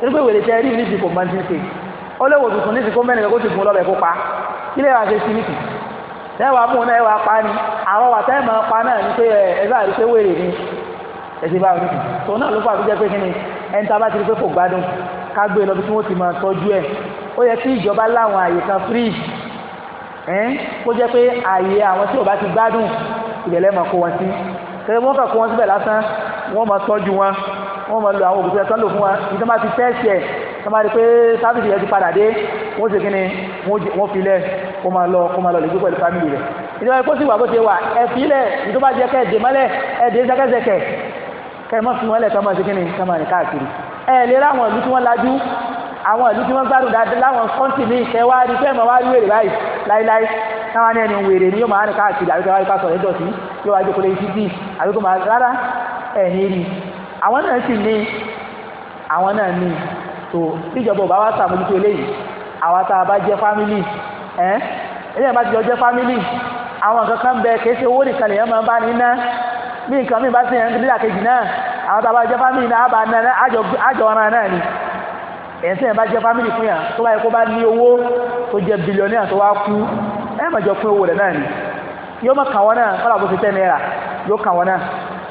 S2: torí pé wèrè tẹ rí níbi kò máa ti ń ṣe ó léwu tuntun níbi kó mẹ́rin kó ti gun lọ́bẹ̀ kó pa kílẹ̀ wá ṣe sí nìkì tẹ́wàá mú náà wàá pa ni àwọn wà tẹ́ máa pa náà ní pé ẹ bá wèrè ni ẹ̀sìn bá rí tòun náà ló fà tó jẹ́ pé kí ni ẹni tá a bá ti rí pé kò gbádùn ká gbé e lọ bí tí wọ́n ti máa tọ́jú ẹ̀ ó yẹ kí ìjọba láwọn àyè kan fíríjì ẹ́n kó jẹ́ pé ààyè àwọn tí ò bá ti gbádùn ìbẹ̀lẹ̀ mọ̀ kó wọn sí kẹ́lẹ́ wọ́n kà kó wọn síbẹ̀ lásán wọ́n mọ̀ tọ́jú wọn wọ́n mọ̀ lo àwọn òkúta ẹ̀tọ́ lò fún wọn ìtọ́ bá ti tẹ́ẹ̀sì ẹ̀ tó bá rí pé sáfìsì yẹn ti padà dé wọ́n ṣe kíni wọ́n fi lẹ̀ kó máa lọ kó máa lọ lè gbé pẹ̀lú fámìlì rẹ̀ ìjọba ẹ̀kọ́ sì wà bó ṣe wà ẹ̀ fi lẹ̀ ìjọba jẹ́ kẹ́ ẹ̀dè mọ́lẹ̀ ẹ̀dè sẹ́kẹ́sẹkẹ̀ kẹ́ ẹ̀ mọ́ fún wọn lẹ̀ kọ́ máa ṣe kíni kọ́ máa àwọn ìlú tí wọ́n gbádùn dáadáa láwọn kọ́ńtì ní ìfẹ́ wá rí fẹ́ẹ̀mọ̀ wá rí wèrè báyìí láíláí táwọn ní ẹni wèrè ni yóò máa rìn káàkiri àbíkẹ́ wá rí pásọ̀ rẹ̀ dọ̀tí yóò wá jókòó lẹ́yìn títì àbíkẹ́ máa rárá ẹ̀yìn rí àwọn náà sì ní àwọn náà ní tó tíjọba ọba wa sàmójútó eléyìí àwa tá a bá jẹ́ fámìlì ẹ́ eléyìí bá ti jọ jẹ́ fámìlì àwọn nǹkan kan bẹ kìí ṣe owó nìkan lèèyàn máa ń bá ní ná bí nǹkan mìíràn bá ti yàn ní ìdílé àkejì náà àwọn tá a bá jẹ́ fámìlì náà á bá ná àjọ ọ̀ràn náà ni ẹ̀sìn ẹ̀ bá jẹ́ fámìlì fún yà tó báyìí kó bá ní owó tó jẹ́ bílíọ̀nìyà tó wá kú ẹ̀ mà jọ pín owó rẹ̀ náà ni yóò mọ̀ kàn wọ́n náà kọ́lá bó ti tẹ́ náírà yóò kàn wọ́n náà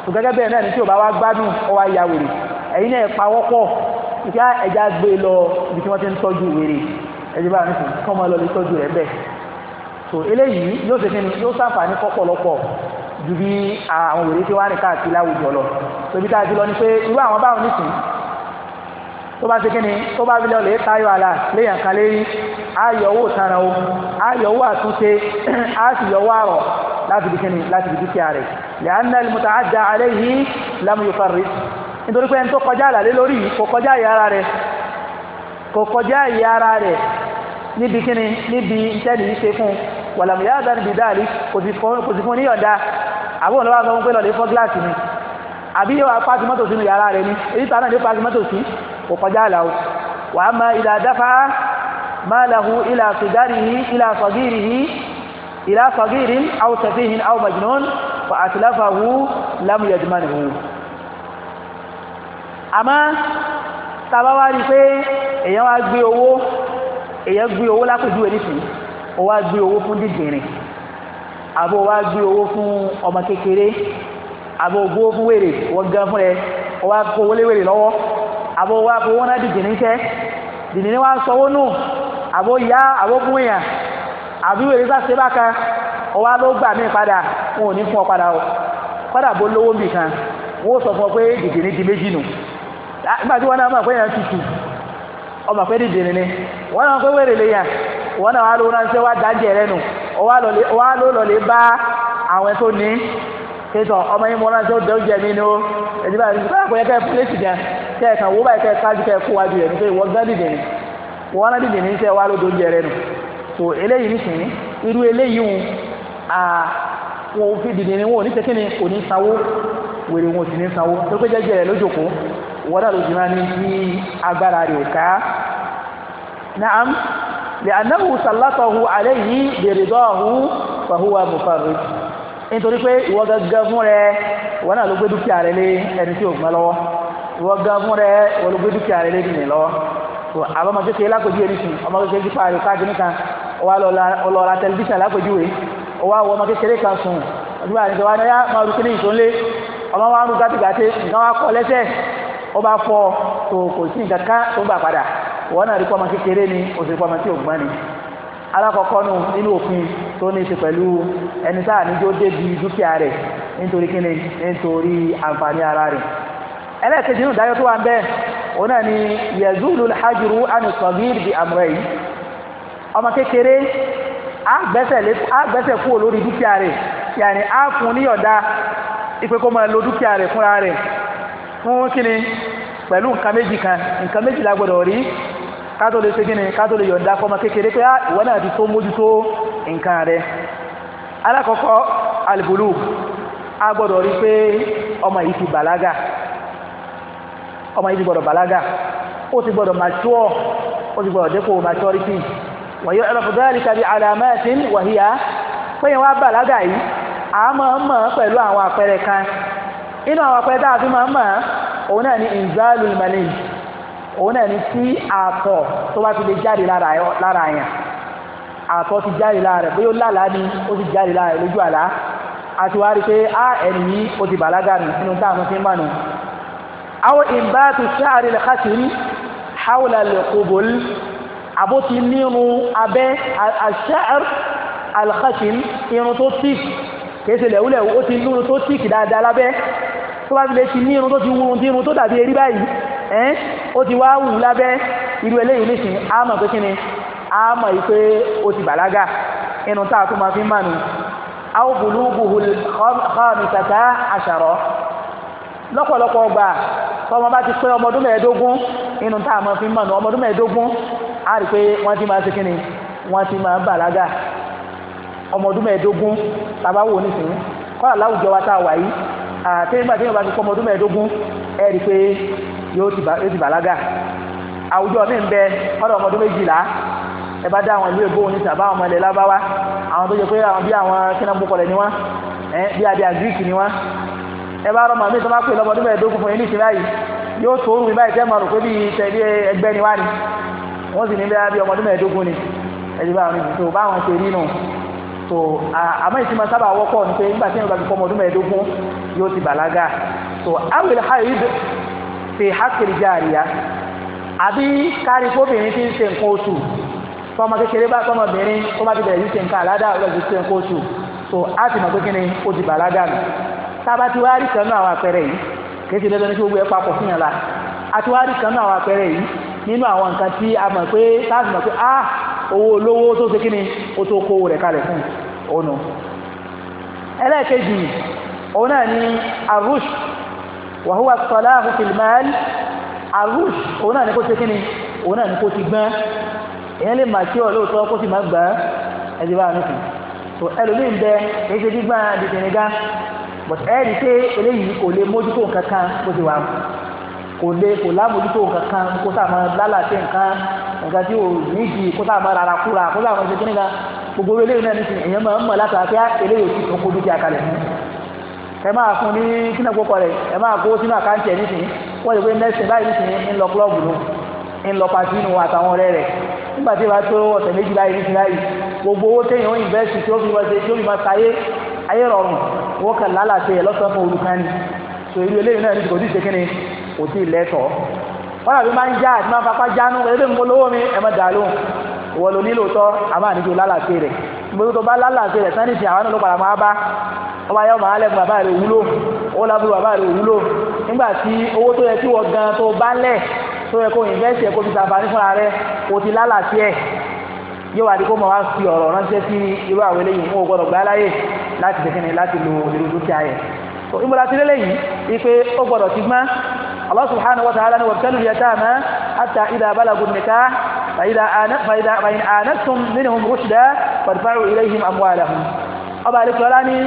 S2: tó gẹ́gẹ́ bẹ́ẹ̀ náà ni tí ò bá wá gbádùn ọ wá ya wèrè ẹ̀yin náà pa wọ́pọ̀ ìfẹ́ ẹja gbé lọ ibi tí wọ́n ti ń tọ́jú wèrè ẹjẹ́ bá ní fún kọ́mọ lọ lè tọ́jú rẹ̀ bẹ́ẹ̀ so eléyìí yóò ṣe kíni yóò ṣàǹfààní ju bí àwọn wèrè tí wọ́n ní káàkiri láwùjọ lọ tóbi tá a ti lọ ni pé irú àwọn báwọn nìsín tó bá ti kí ni tó bá bílẹ̀ olè tayọ àlà léyàn kan lérí ayọ̀wò tara o ayọ̀wò àtúnṣe [clears throat] á sì yọwọ́ àrọ̀ láti bí kí ni láti bí dúkìá rẹ̀ lẹ́yìn mọ́ta á da alẹ́ yìí lámú yóò fari nítorí pé ẹni tó kọjá àlàlé lórí kò kọjá ìyá ara rẹ̀ kò kọjá ìyá ara rẹ̀ níbi kí ni níbi ìtẹ́lì yìí ṣe fún wàlàmùyá àdáni bìdáàlì kò sì fún níyọ̀dá àbúrò lọ́wọ́ sọ fún pé lọ́lẹ́ fọ́ gíláàsì ni àbí yóò kò kọjá àlà o wà á ma ìlà dáfà máàláhu ìlà sọ̀gárìhì ìlà sọ̀gírìhì ìlà sọ̀gírin aw safihin aw majnun fa àtìláfàhu lam yajmanuhu àmọ́ tàbá wá rí pé èèyàn wá gbé owó èèyàn gbé owó lápèjúwe nísìnyí ó wá gbé owó fún dìgbìnrin àbò wá gbé owó fún ọmọ kékeré àbò gbówó fún wèrè wọ́n gan fún rẹ̀ ó kó wọlé wèrè lọ́wọ́ àbò wa fowó náà dìjì ní tẹ́ dìjì ní wa ń sọ owó nù àbò ya àbò gún èèyàn àbí wèrè sáṣẹ bákan ọwá ló gbà mí padà wọn ò ní fún ọ padà o padà bó lówó mi kan wọn ó sọ fún ọ pé dìjì ní di méjì nù nígbà tí wọn náà mọ̀ pé èèyàn tutù ọmọ pé dìjì ní ni wọn náà pé wèrè lè yàn wọn náà wà ló ránṣẹ́ wá dájẹ́ rẹ nù ọwá ló lọ lè bá àwọn tó ní kéjọ ọmọ yín mọ́ ránṣẹ́ ó dẹ́ oúnjẹ mi ni ó ẹ̀jẹ̀ e kẹ́ẹ̀kan wo báyìí kẹ́ẹ̀ kájú kẹ́ẹ̀ kó wájú rẹ̀ ní pé wọ́n gán dìde ní wọ́n rán dìde ní sẹ́ wá lódò oúnjẹ rẹ̀ nù so eléyìí nìsín irú eléyìí hùn àwọn òfin dìde ní wọn ò ní ṣe kíni kò ní sanwó wèrè wọn ò sì ní sanwó tó pé jẹ́jẹ́ rẹ̀ lójòkó wọ́n dàlú jù náà ní ní agbára rẹ̀ ká naam li'annahu sallatahu alayhi biridahu fahuwa mufarrid nítorí pé ìwọ fún rẹ̀ wọ́n náà ló gbé dúkìá rẹ̀ lé ẹni tí ò gbọ́n lọ́wọ́ ìwọ gan fún rẹ olùgbé dúkìá rẹ lédi nì lọ́wọ́ tó àbámọ kékeré lápèjú ẹni sùn ọmọ kékeré jípa rẹ káàkiri nìkan ọwọ́ ọlọ́ọ̀la tẹlifíṣàn lápèjú rẹ ọwọ́ àwọn ọmọ kékeré kan sùn ọdún àti ìjọba ni wọ́n máa rúkú ní ìtòlé ọmọ wa ń rú gàtìgàtì nǹkan wa kọ lẹ́sẹ̀ ó bá fọ tó kò sí nǹkan ká tó ń bà padà wọ́n náà rí pọ́mọ ẹlẹ́ẹ̀kejì nínú ìdájọ́ tó wà ń bẹ́ẹ̀ òun náà ni yẹ̀zúlù hajjuru anisọ̀gìr bi di ọmọ kékeré àgbẹ́sẹ̀ kúrò lórí dúkìá rẹ̀ yàní a fún ní ọ̀dá ipe kó máa lo dúkìá rẹ̀ fúnra rẹ̀ fún kíni pẹ̀lú nǹkan méjì kan nǹkan méjì la rí kátó lè ṣe kíni kátó lè yọ̀ǹda fọmọ kékeré pé ah, ìwọ náà ti tó mójútó nǹkan rẹ̀ alákọ̀ọ́kọ́ a rí pé ọmọ yìí ti ọmọ yìí ti gbọ́dọ̀ bàlágà ó ti gbọ́dọ̀ mature ó ti gbọ́dọ̀ dépò maturity wàyí ẹlọ́fù dhalika bi alamatin wa hiya péye wá bàlágà yìí a máa ń mọ̀ pẹ̀lú àwọn àpẹẹrẹ kan inú àwọn àpẹẹrẹ tá a fi máa ń mọ̀ òun náà ni inzalul malin òun náà ni tí àtọ̀ tó bá ti lè jáde lára yẹn àtọ̀ ti jáde lára rẹ̀ bóyá lálàá ni ó ti jáde lára rẹ̀ lójú àlá àti wá rí pé á ẹni yìí ó ti bàlágà nù nínú táwọn fi ń mọ̀ nù àwọn ìbátu ṣáàrí lẹ́kàṣírí haúlà lẹ́kọ̀bọ̀l àbótí nínú abẹ́ àṣáàr alkhaṣin irun tó tíkì kèése lẹ̀wúlẹ̀ ó ti nínú tó tíkì dáadáa lábẹ́ tó bá tilẹ̀ ti ní irun tó ti wúrun tí irun tó dàbí erí báyìí ẹ́n ó ti wá wù lábẹ́ irú eléyìí nísìn àmọ̀ pé kíni lọ́pọ̀lọpọ̀ gbà tọmọ bá ti pé ọmọ ọdún mẹ́ẹ̀ẹ́dógún inú tá a mọ̀ fi mọ̀ nù ọmọ mẹ́ẹ̀ẹ́dógún á rí pé wọ́n ti máa ṣe kí ni wọ́n ti máa bàlágà ọmọ ọdún mẹ́ẹ̀ẹ́dógún tàbá wò nísìnyí kọ́lá láwùjọ wa tá a wà yìí àtẹ́yìnbá tí yóò bá ti pọ́ ọmọ ọdún mẹ́ẹ̀ẹ́dógún ẹ rí i pé yóò ti bàlágà àwùjọ mi ń bẹ ọ̀dọ̀ ọmọ ọdún méjìlá ẹ bá dá àwọn ìlú èbó ní tàbá àwọn ilẹ̀ lábáwá àwọn tó jẹ pé àwọn bí àwọn kínábùkọlẹ̀ ni wọ́n bí adé àgíríkì ni wọ́n ẹ bá rọmọ mi tó bá pè lọ́mọdún mẹ́ẹ̀ẹ́dógún fún yín ní ìsinmi báyìí yóò tó orun báyìí tẹ́ mọ̀ rò pé bí tẹ̀lé ẹgbẹ́ ni wá ni wọ́n sì ní bí ọmọdún mẹ́ẹ̀ẹ́dógún ni ẹ̀dí bá rìn tó bá wọn ṣe rí nù tó àmọ́ ìsìn máa sábà wọ́pọ̀ ni pé nígbà tí ìrọ̀lá ti fọ́ ọmọdún mẹ́ẹ̀ẹ́dógún yóò ti bàlágà tó awil haid fi hakiri jaariya àbí kárí fóbìnrin ti ń ṣe nǹkan oṣù tọmọ kékeré bá tọmọbìnrin tó bá ti bẹ̀rẹ̀ yìí ṣe nǹkan àládà ó ṣe nǹkan oṣù tó á ti mọ̀ pé kí ni ó ti bàlágà nù tába ti wá rí kan náà àwọn àpẹẹrẹ yìí kéde dandan ní kí gbogbo ẹ papọ̀ fún yàn la àti wá rí kan náà àwọn àpẹẹrẹ yìí nínú àwọn nǹkan tí a mọ̀ pé táàbù mọ̀ pé ah owó olówó tó ṣe kíni ó tó kó owó rẹ̀ kalẹ̀ fún ònà ẹlẹ́ẹ̀kejì òun náà ni arush wàhúwà sọlá fìlmáàl arush òun náà ni kó ṣe kíni òun náà ni kó ti gbọ́n èyàn lè màá tí ọ lóòótọ́ kó sì máa gbà á ẹ̀dí bá a bẹ kì ṣe gbígbà dìtìrìngá but ẹ rí i pé eléyìí kò lè mójútó nǹkan kan bó ti wà kò lè kò lámójútó nǹkan kan kó sáà máa lálàsẹ nǹkan nǹkan tí ò nídìí kó sáà máa rárá kúra kó sáà máa ṣe kíníkan gbogbo eléyìí náà nísìnyí èèyàn máa ń mọ̀ látara pé ah, eléyìí ò ti tó kó dúkìá kalẹ̀ fún ẹ máa fún ní kí náà kókọ rẹ̀ ẹ máa kó sínú àkáǹtì ẹ̀ nísìnyí wọ́n lè pé mẹ́sìn báyìí nísìnyí ń lọ klọ́ọ̀bù nù ń lọ pàtí nù àtàwọn ọ̀rẹ́ rẹ̀ nígbà tí ìbá tó ọ̀sẹ̀ méjì báyìí nísìnyí báyìí gbogbo owó téèyàn ń invest tí ó fi máa ṣe tí ó fi máa ṣayé ayé rọrùn owó kan lálàáṣe ẹ̀ lọ́sọ̀ fún olùkan so irú eléyìí náà ní kò tí ì ṣe kíni kò tí ì lẹ́tọ̀ọ́ wọn àbí máa ń já àti máa fapá jánú ẹgbẹ́ ń polówó mi ẹ má dà lóhùn ìwọ ló nílò tọ́ àmọ́ àníjó lálàáṣe rẹ̀ gbogbo tó bá lálàáṣe rẹ̀ sanni ti àwọn olùpàdà máa bá ọba ayé ọmọ alẹ́ bàbá rẹ̀ wúlò owó lábúrò bàbá rẹ̀ wúlò nígbà tí owó tó yẹ kí wọ́n gan tó bá lẹ̀ tó yẹ kó invest yẹ kó fi sàǹfààní fúnra rẹ̀ kò ti lálàáṣe yóò wá di kó mọ̀ wá fi ọ̀rọ̀ ránṣẹ́ sí irú àwọn eléyìí wọn ò gbọ́dọ̀ gbá láyè láti tẹ̀kẹ́ni láti lo irú dúkìá yẹn so ìmúra ti lélẹ̀ yìí ipe ó gbọ́dọ̀ ti gbọ́n Allah subhanahu wa ta'ala ni wabtalu al-yatama hatta idha balagu an-nikah fa idha fa'in anastum minhum rushda fadfa'u ilayhim amwalahum ọba àlekọ́lá ní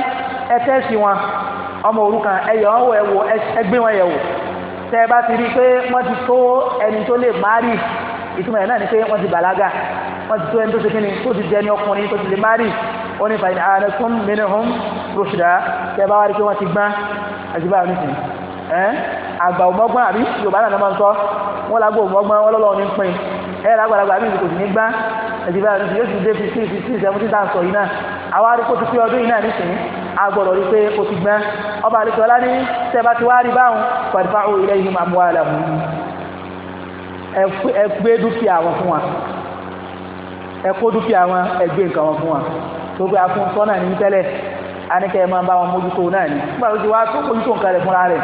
S2: ẹtẹ́ sí wọn ọmọ òrukàn ẹ̀yọ̀ ń wọ̀ ẹgbẹ́ wọn yẹ̀wò tẹ́ bá ti rí i pé wọ́n ti tó ẹni tó lè máa rí ìtumọ̀ ẹ̀ náà ni pé wọ́n ti bàlágà wọ́n ti tó ẹni tó ṣe kíni tó ti jẹ́ ní ọkùnrin tó ti lè márì ó ní fàyín ààrẹ fún mìíràn rúṣìdá tẹ́ bá wá rí pé wọ́n ti gbọ́n àjùbá oníṣìn ẹ́ àgbà òmọ́gbọ́n àbí yorùbá náà máa ń sọ wọ́n lágbó òmọ́gbọ́n ọlọ́lọ́wọ́ ní pin ẹ̀ lágbàlagbà àbí kò sì ní gbọ́n àjùbá oníṣìn yóò sì dé fi sí ìfisí ìsẹ́mùtí tá à ń sọ yìí náà àwa rí kó ti pé ọdún yìí náà níṣìn agbọ́dọ̀ rí pé ó ti gbọ́n ọba àlejòọlá ní tẹ́bá ti wá rí báwọn pàdífà ó ilé yìí máa mú àlàmù ẹ gbé dúkìá wọn fún wa ẹ kó dúkìá wọn ẹ gbé nǹkan wọn fún wọn tó gbé afún sọ́nà ní tẹ́lẹ̀ anìkẹ́ ẹ máa bá wọn mójútó náà ní nígbà tó ti wá tó mójútó nǹkan rẹ̀ fúnra rẹ̀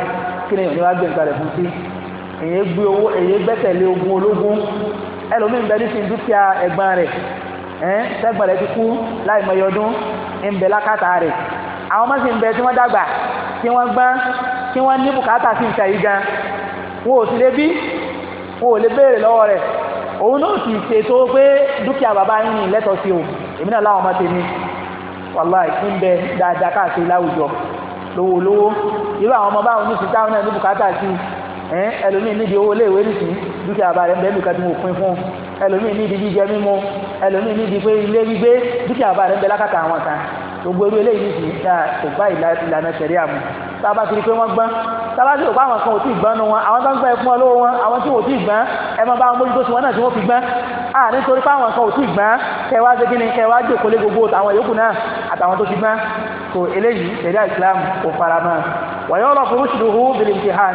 S2: kí ni ìyọ̀nìwá gbé nǹkan rẹ̀ fún sí èyí gbé owó èyí gbẹ́tẹ̀lé ogun ológun ẹlòmíín bẹ nísìnyí dúkìá ẹ̀gbọ́n rẹ̀ ẹn sẹgbọn rẹ ti kú láì mọ ọdún ń bẹ lákàtà rẹ àwọn ọmọ sì ń bẹ tí wọn dàgbà tí wọn gbọ́n tí wọn ní bùkátà sí nǹkan gan wọn ò sì lè bí wọn ò lè béèrè lọ́wọ́ rẹ òun náà sì ṣètò pé dúkìá bàbá yín ní lẹ́tọ̀ọ́ sí o èmi náà láwọn ọmọ tèmi wàláì ń bẹ dáadáa káàkiri láwùjọ lówó lówó irú àwọn ọmọ báwọn oníṣìí táwọn náà ní bùkátà sí ẹlòmíì nídìí owó iléèwé nìsín dúkìá bàbá rẹ̀ ń bẹ́ẹ̀ nìkan tí mo pín fún ẹlòmíì nídìí jíjẹ mímu ẹlòmíì nídìí pé ilé gbígbé dúkìá bàbá rẹ̀ ń bẹ lákàtà àwọn kan gbogbo irú eléyìí nìsín kò bá ìlànà ṣẹ̀ríà mu tába ti di pé wọ́n gbọ́n tába ti rò pé àwọn kan ò tí ì gbọ́n nu wọn àwọn tó ń gbọ́n ẹkún ọlọ́wọ́ wọn àwọn tí ò tí ì gbọ́n ẹ máa bá wọn mójútó sí wọn náà tí wọ́n fi gbọ́n à nítorí pé àwọn kan ò tí ì gbọ́n kẹwàá ṣe kíni kẹwàá jòkó lé gbogbo àwọn yòókù náà àtàwọn tó ti gbọ́n kò eléyìí ṣẹ̀dá Islam kò fara mọ́ wọ̀nyọ́ lọ fún ṣùdùhù bìlìmtìhàn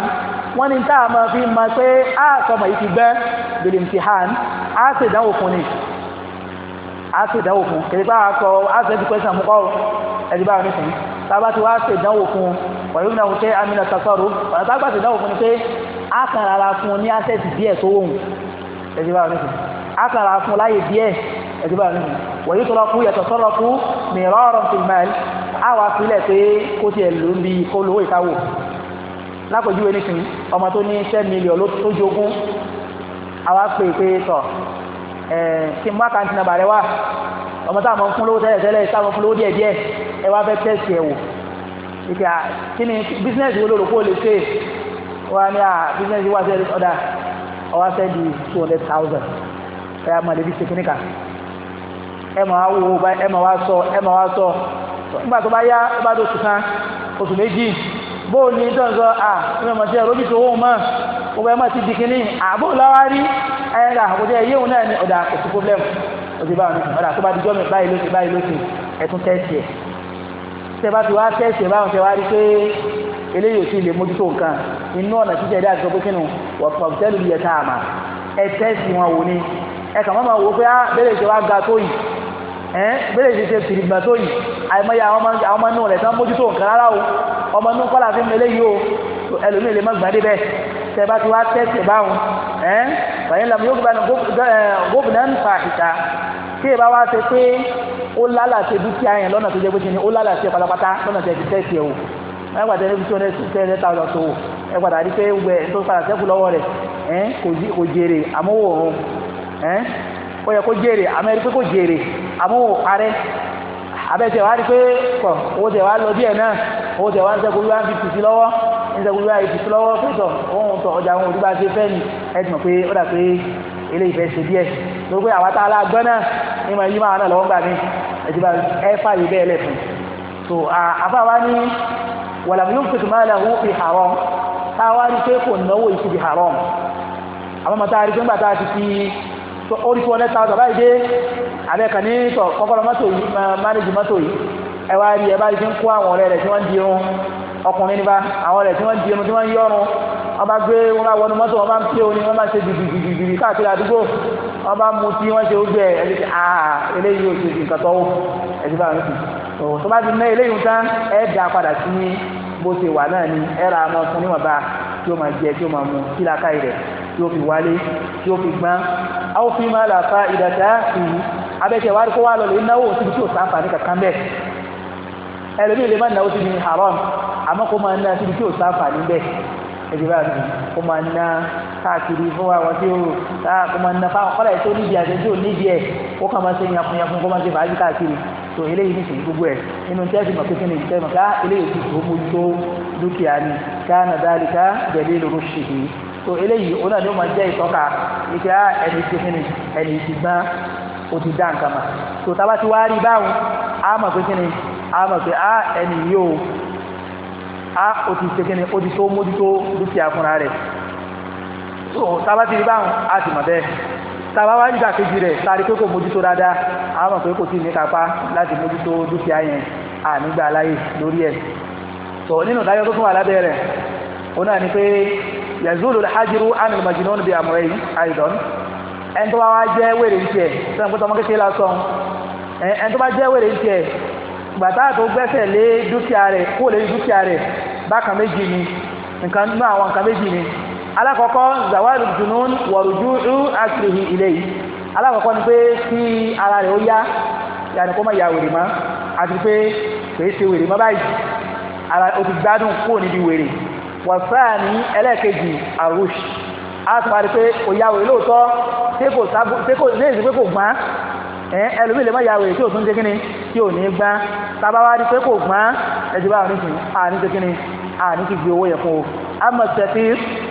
S2: wọ́n ní táà máa fi máa pé àkọmọ̀ yìí á sì dánwò fún kìí bá sọ á sì ẹ̀dí pẹ́sàn mú kọ́ ẹ̀dí bá wọn nísìnyí tábà tí wàá sì dánwò fún pẹ̀lú náà wọ́n tẹ́ amínà sasọ́rù ọ̀nà tábà sì dánwò fún ni pé á kàn rárá fún ní asẹ́ẹ̀tì díẹ̀ tó wọ̀n ẹ̀dí bá wọn nísìnyí á kàn rárá fún láyè díẹ̀ ẹ̀dí bá wọn nísìnyí wọ́n yóò tọ́lọ́ fún yàtọ̀ sọ́rọ̀ fún mìíràn fìlmáìl á wàá filẹ̀ pé kó tiẹ̀ ló ń bi kó lówó ìkáwò lápèjúwe nísìnyí ọmọ tó ní ten million ló tó jogún àwa pè pé tọ̀ kí n mú àkáǹtì nàbà wá ọmọ táwọn ọmọ fún tẹ́lẹ̀ tẹ́lẹ̀ táwọn fún díẹ̀ díẹ̀ ẹ wá fẹ́ tẹ́sì ẹ̀ wò ìgbà kí ni bísínẹ́sì wo lóòrò kó lè ṣe ah, wá ní à bísínẹ́sì wá sẹ́ẹ̀dì ọ̀dà ọwá sẹ́ẹ̀dì two wo ẹ̀ wá sọ ẹ̀ sọ nígbà tó bá yá ó bá tó kan oṣù méjì bóò ní tó ń à ah, ẹ̀ gbogbo ẹ̀ mọ̀ ti di kínní àbò lọ́wọ́ rí ẹ̀rà àkójọ ẹ̀yẹ́ òun náà ni ọ̀dà kò sí problem òsì báwọn nìkan ọ̀dà tó bá di jọ́mi báyìí lóṣù báyìí lóṣù ẹ̀tún tẹ́sì ẹ̀ tẹ́ bá ti wá tẹ́sì ẹ̀ báwọn tẹ́ wá rí pé eléyìí ò sí lè mójútó nǹkan inú ọ̀nà títẹ̀ dá àgbẹ̀ kínú wọ̀pọ̀tẹ́lù yẹ tá a mà ẹ tẹ́sì wọn wò ni ah, bẹ́ẹ̀ tẹ bá ti wá tẹsẹ báwọn ẹ fàyín lam yóò gbani gómìnà ń fa àṣìṣà tí ì bá wá ṣe pé ó lálàṣẹ dúkìá yẹn lọ́nà tó jẹ́ pé kíni ó lálàṣẹ pátápátá lọ́nà tó jẹ́ ti tẹ̀sí o wò wọ́n gbàdá ẹni fífi ọ̀nà ẹ̀sìn tẹ́lẹ̀ ta ọ̀dọ̀ tó o ẹ gbàdá rí pé gbẹ tó padà sẹ́kù lọ́wọ́ rẹ̀ ẹ kò jèrè àmọ́ wò ó ẹ ó yẹ kó jèrè àmọ́ ẹ rí pé kò jèrè àmọ́ wò ó parẹ́ abẹ́tẹ̀ wá rí pé kọ̀ owó tẹ̀ wá lọ díẹ̀ náà owó tẹ̀ wá ń sẹ́kù wíwá ń fi tìsí lọ́wọ́ ń sẹ́kù wíwá ń tìsí lọ́wọ́ pé tọ̀ òun tọ̀ ọjà òun òdúbà ṣe fẹ́ ni ẹ ti mọ̀ pé ó dà pé eléyìí fẹ́ ṣe díẹ̀ ló pé àwa tá a lágbọ́n náà ní ma yí máa náà lọ́wọ́ gbà mí ẹ ti bá ẹ fààyè bẹ́ẹ̀ lẹ̀ fún so àfa wa ní wàlàmúlùm orí tí wọ́n lẹ́ta ọ̀dọ̀ báyìí dé àbẹ́ẹ̀kan ní tọ̀ kọ́kọ́rọ́ mọ́tò yìí mánéjì mọ́tò yìí ẹ wá rí ẹ bá ti ń kó àwọn ọ̀rẹ́ rẹ̀ tí wọ́n ń di irun ọkùnrin nípa àwọn ọ̀rẹ́ tí wọ́n ń di irun tí wọ́n ń yọrun wọ́n bá gbé wọ́n bá wọnú mọ́tò wọ́n bá ń pé oní wọ́n bá ń ṣe gbìgbìgbìgbì káàkiri àdúgbò wọ́n bá mu tí wọ́n ṣe ó gbé ẹ̀ ẹ̀ ṣe àà eléyìí ò ṣe nǹkan tọ́wọ́ ẹ̀ ti bá wọn sùn tó bá ti ná eléyìí tán ẹ̀ dá padà sí ní bó ṣe wà náà ni ẹ̀ ra ọmọ fún níwọ̀nba tí ó máa jẹ tí ó máa mu kí lákàyè rẹ̀ tí ó fi wálé tí ó fi gbọ́n a ó fi máa làfa ìdàtà sí i abẹ́kẹ̀ wá kó wá lọ lè náwó síbi tí ò sáǹfààní kankan bẹ́ẹ̀ ẹlòmíì lè má náwó síbi haram àmọ́ kó máa ná síbi tí ò sáǹfààní bẹ́ẹ̀ ẹ̀jẹ̀ bá mi kó máa ná káàkiri fún àwọn tí ó kó máa ná fáwọn kọ́lá ètò níbi àti tí ò níbi ẹ̀ kó kàn máa ṣe yankunyankun kó máa ṣe fàájì káàkiri tó eléyìí nìṣẹ́ gbogbo ẹ̀ nínú tẹ́sí mọ̀ pé kí ni ìtẹ́mọ̀ ká ah, eléyìí ti tó mójútó dúkìá ni ká nàdálì ká jẹ̀lé lóró ṣèlú tó eléyìí ó náà ni ó máa jẹ́ ìtọ́ka ike á ẹni ti kíni ẹni ti gbọ́n ó ti dá nǹkan mà tó tá a bá ti wá rí báwọn á mọ̀ pé kíni á mọ̀ pé á ẹni yìí ó á ó ti ṣe kíni ó ti tó mójútó dúkìá fúnra rẹ̀ tó tá a bá ti rí báwọn á ti mọ̀ bẹ́ẹ̀ tá a bá wá nígbà kejì rẹ̀ tá a rí pé kò mójútó dáadáa á mọ̀ pé kò tí ì ní kápá láti mójútó dúkìá yẹn ànígbà aláyè lórí ẹ̀ tó nínú ìdájọ́ tó tún wà lábẹ́ rẹ̀ ó náà ni pé yazulu alhajiru anil majnun bi amrayn aidan ẹni tó bá wá jẹ́ wèrè ń tiẹ̀ sọ́nà pé tọmọ kékeré la sọ ẹni tó bá jẹ́ wèrè ń tiẹ̀ gbàtà tó gbẹ́sẹ̀ lé dúkìá rẹ̀ kó lè dúkìá rẹ̀ bákan méjì ni nǹkan nínú àwọn nǹkan méjì ni alákọ̀ọ́kọ́ zawadu dunun wọ̀rùjú àtìrìhì ilé yìí alákọ̀ọ́kọ́ ni pé kí ara rẹ̀ ó yá yàní kó má ya wèrè mọ́ àti pé kò é ṣe wèrè mọ́ báyìí ara ó ti gbádùn kúrò níbi wèrè wàsáàní ẹlẹ́ẹ̀kejì arush. a parí pé kò yàwó lóòótọ́ tí kò sábò tí kò léèzì pé kò gbọ́n ẹlòmí lè má yàwó tí ò tún jẹ́ kíni tí ò ní gbọ́n tábà wá rí pé kò gbọ́n ẹjọ́ bá rí sìn àní jẹ́ kíni àní ti gbé owó yẹ fún o àmọ́ tẹ̀sí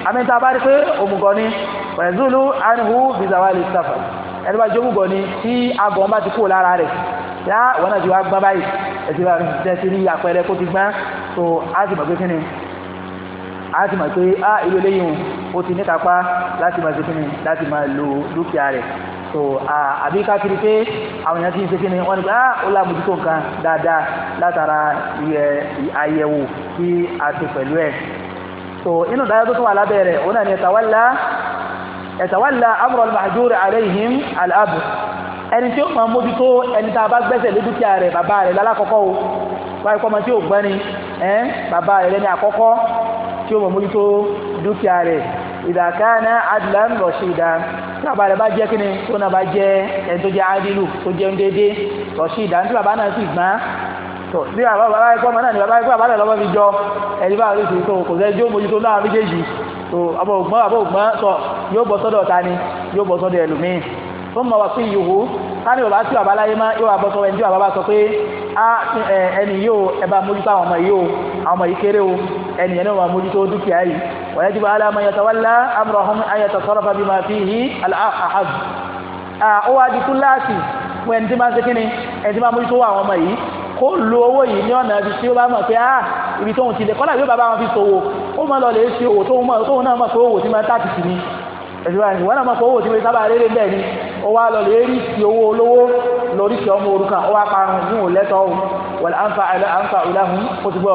S2: àmì tábà rí pé ni pẹ̀lú ànihu bizawa lè so á ti mọ̀ pé a ti mọ̀ pé á ìlú eléyìí ó ti níkapá láti máa ṣe kí ni láti máa lo dúkìá rẹ̀ so àbí káàkiri pé àwọn èèyàn ti ń ṣe kí ni pé á ó lámójútó nǹkan dáadáa látara àyẹ̀wò tí a ti pẹ̀lú ẹ̀ so inú dáadáa tó tún wà lábẹ́ rẹ̀ òun náà ni ẹ̀tàwálá ẹ̀tàwálá amúrọ̀lù màdúrà àlẹ́yìn aláàbò ẹni tí ó máa mójútó ẹni tá a bá gbẹ́sẹ̀ lé dúkìá rẹ̀ bàbá rẹ̀ lálákọ́kọ́ o wáyé kọ́mọ tí ò gbẹ́ni bàbá rẹ̀ lẹ́ni àkọ́kọ́ tí ó mọ̀ mójútó dúkìá rẹ̀ ìdàkánná adlam rọ̀ṣídà tí bàbá rẹ̀ bá jẹ́ kíni tó náà bá jẹ́ ẹni tó jẹ́ adilu tó jẹ́ ń déédéé rọ̀ṣídà tí bàbá náà sì gbọ́n tó bí bàbá bàbá ẹ̀kọ́ ọmọ náà ni bàbá ẹ̀kọ́ bàbá rẹ̀ lọ́wọ́ fi jọ ẹni bá rẹ̀ sì tó kò sẹ́ni yóò mójútó náà méjèèjì tó àbọ̀ ògbọ́n àbọ̀ ògbọ́n tó yóò bọ́ sọ́dọ̀ ta ni yóò bọ́ sọ́dọ̀ ẹlòmíì tó mọ̀ wá sí ìyòwò káni bàbá tí bàbá láyé má yóò wá bọ́ sọ́wọ́ ẹni tí bàbá bá sọ pé ẹni yóò ẹ bá mójútó àwọn ọmọ yìí o àwọn ọmọ yìí kéré o ẹni yẹn ní wọn mójútó dúkìá yìí wọ́n yẹ jù bá aláàmọ́ yẹtọ̀ wọ́n lá amúrò ọ̀hún ayẹtọ̀ sọ́rọ̀ fàbí máa fi hí àhàb ó wá di túláàsì fún ẹni tí máa ń ṣe kíni ẹni tí máa mójútó àwọn ọmọ yìí kó lo owó yìí ní ọ̀nà ibi tí ó bá mọ̀ pé ah ibi tóun ti lè kọ́lá bí bàbá wọn fi ṣòwò ó mọ̀ lọ lè ṣe òwò tóun náà mọ̀ pé òwò ti máa ń tàkìtì ni ìwọ́n náà máa fọwọ́ òtí wọ́n sábà rere bẹ́ẹ̀ ni ó wá lọ lè rí ti owó olówó lórí ti ọmọ òrukàn ó wá parun ní òun lẹ́tọ̀ ọ̀hún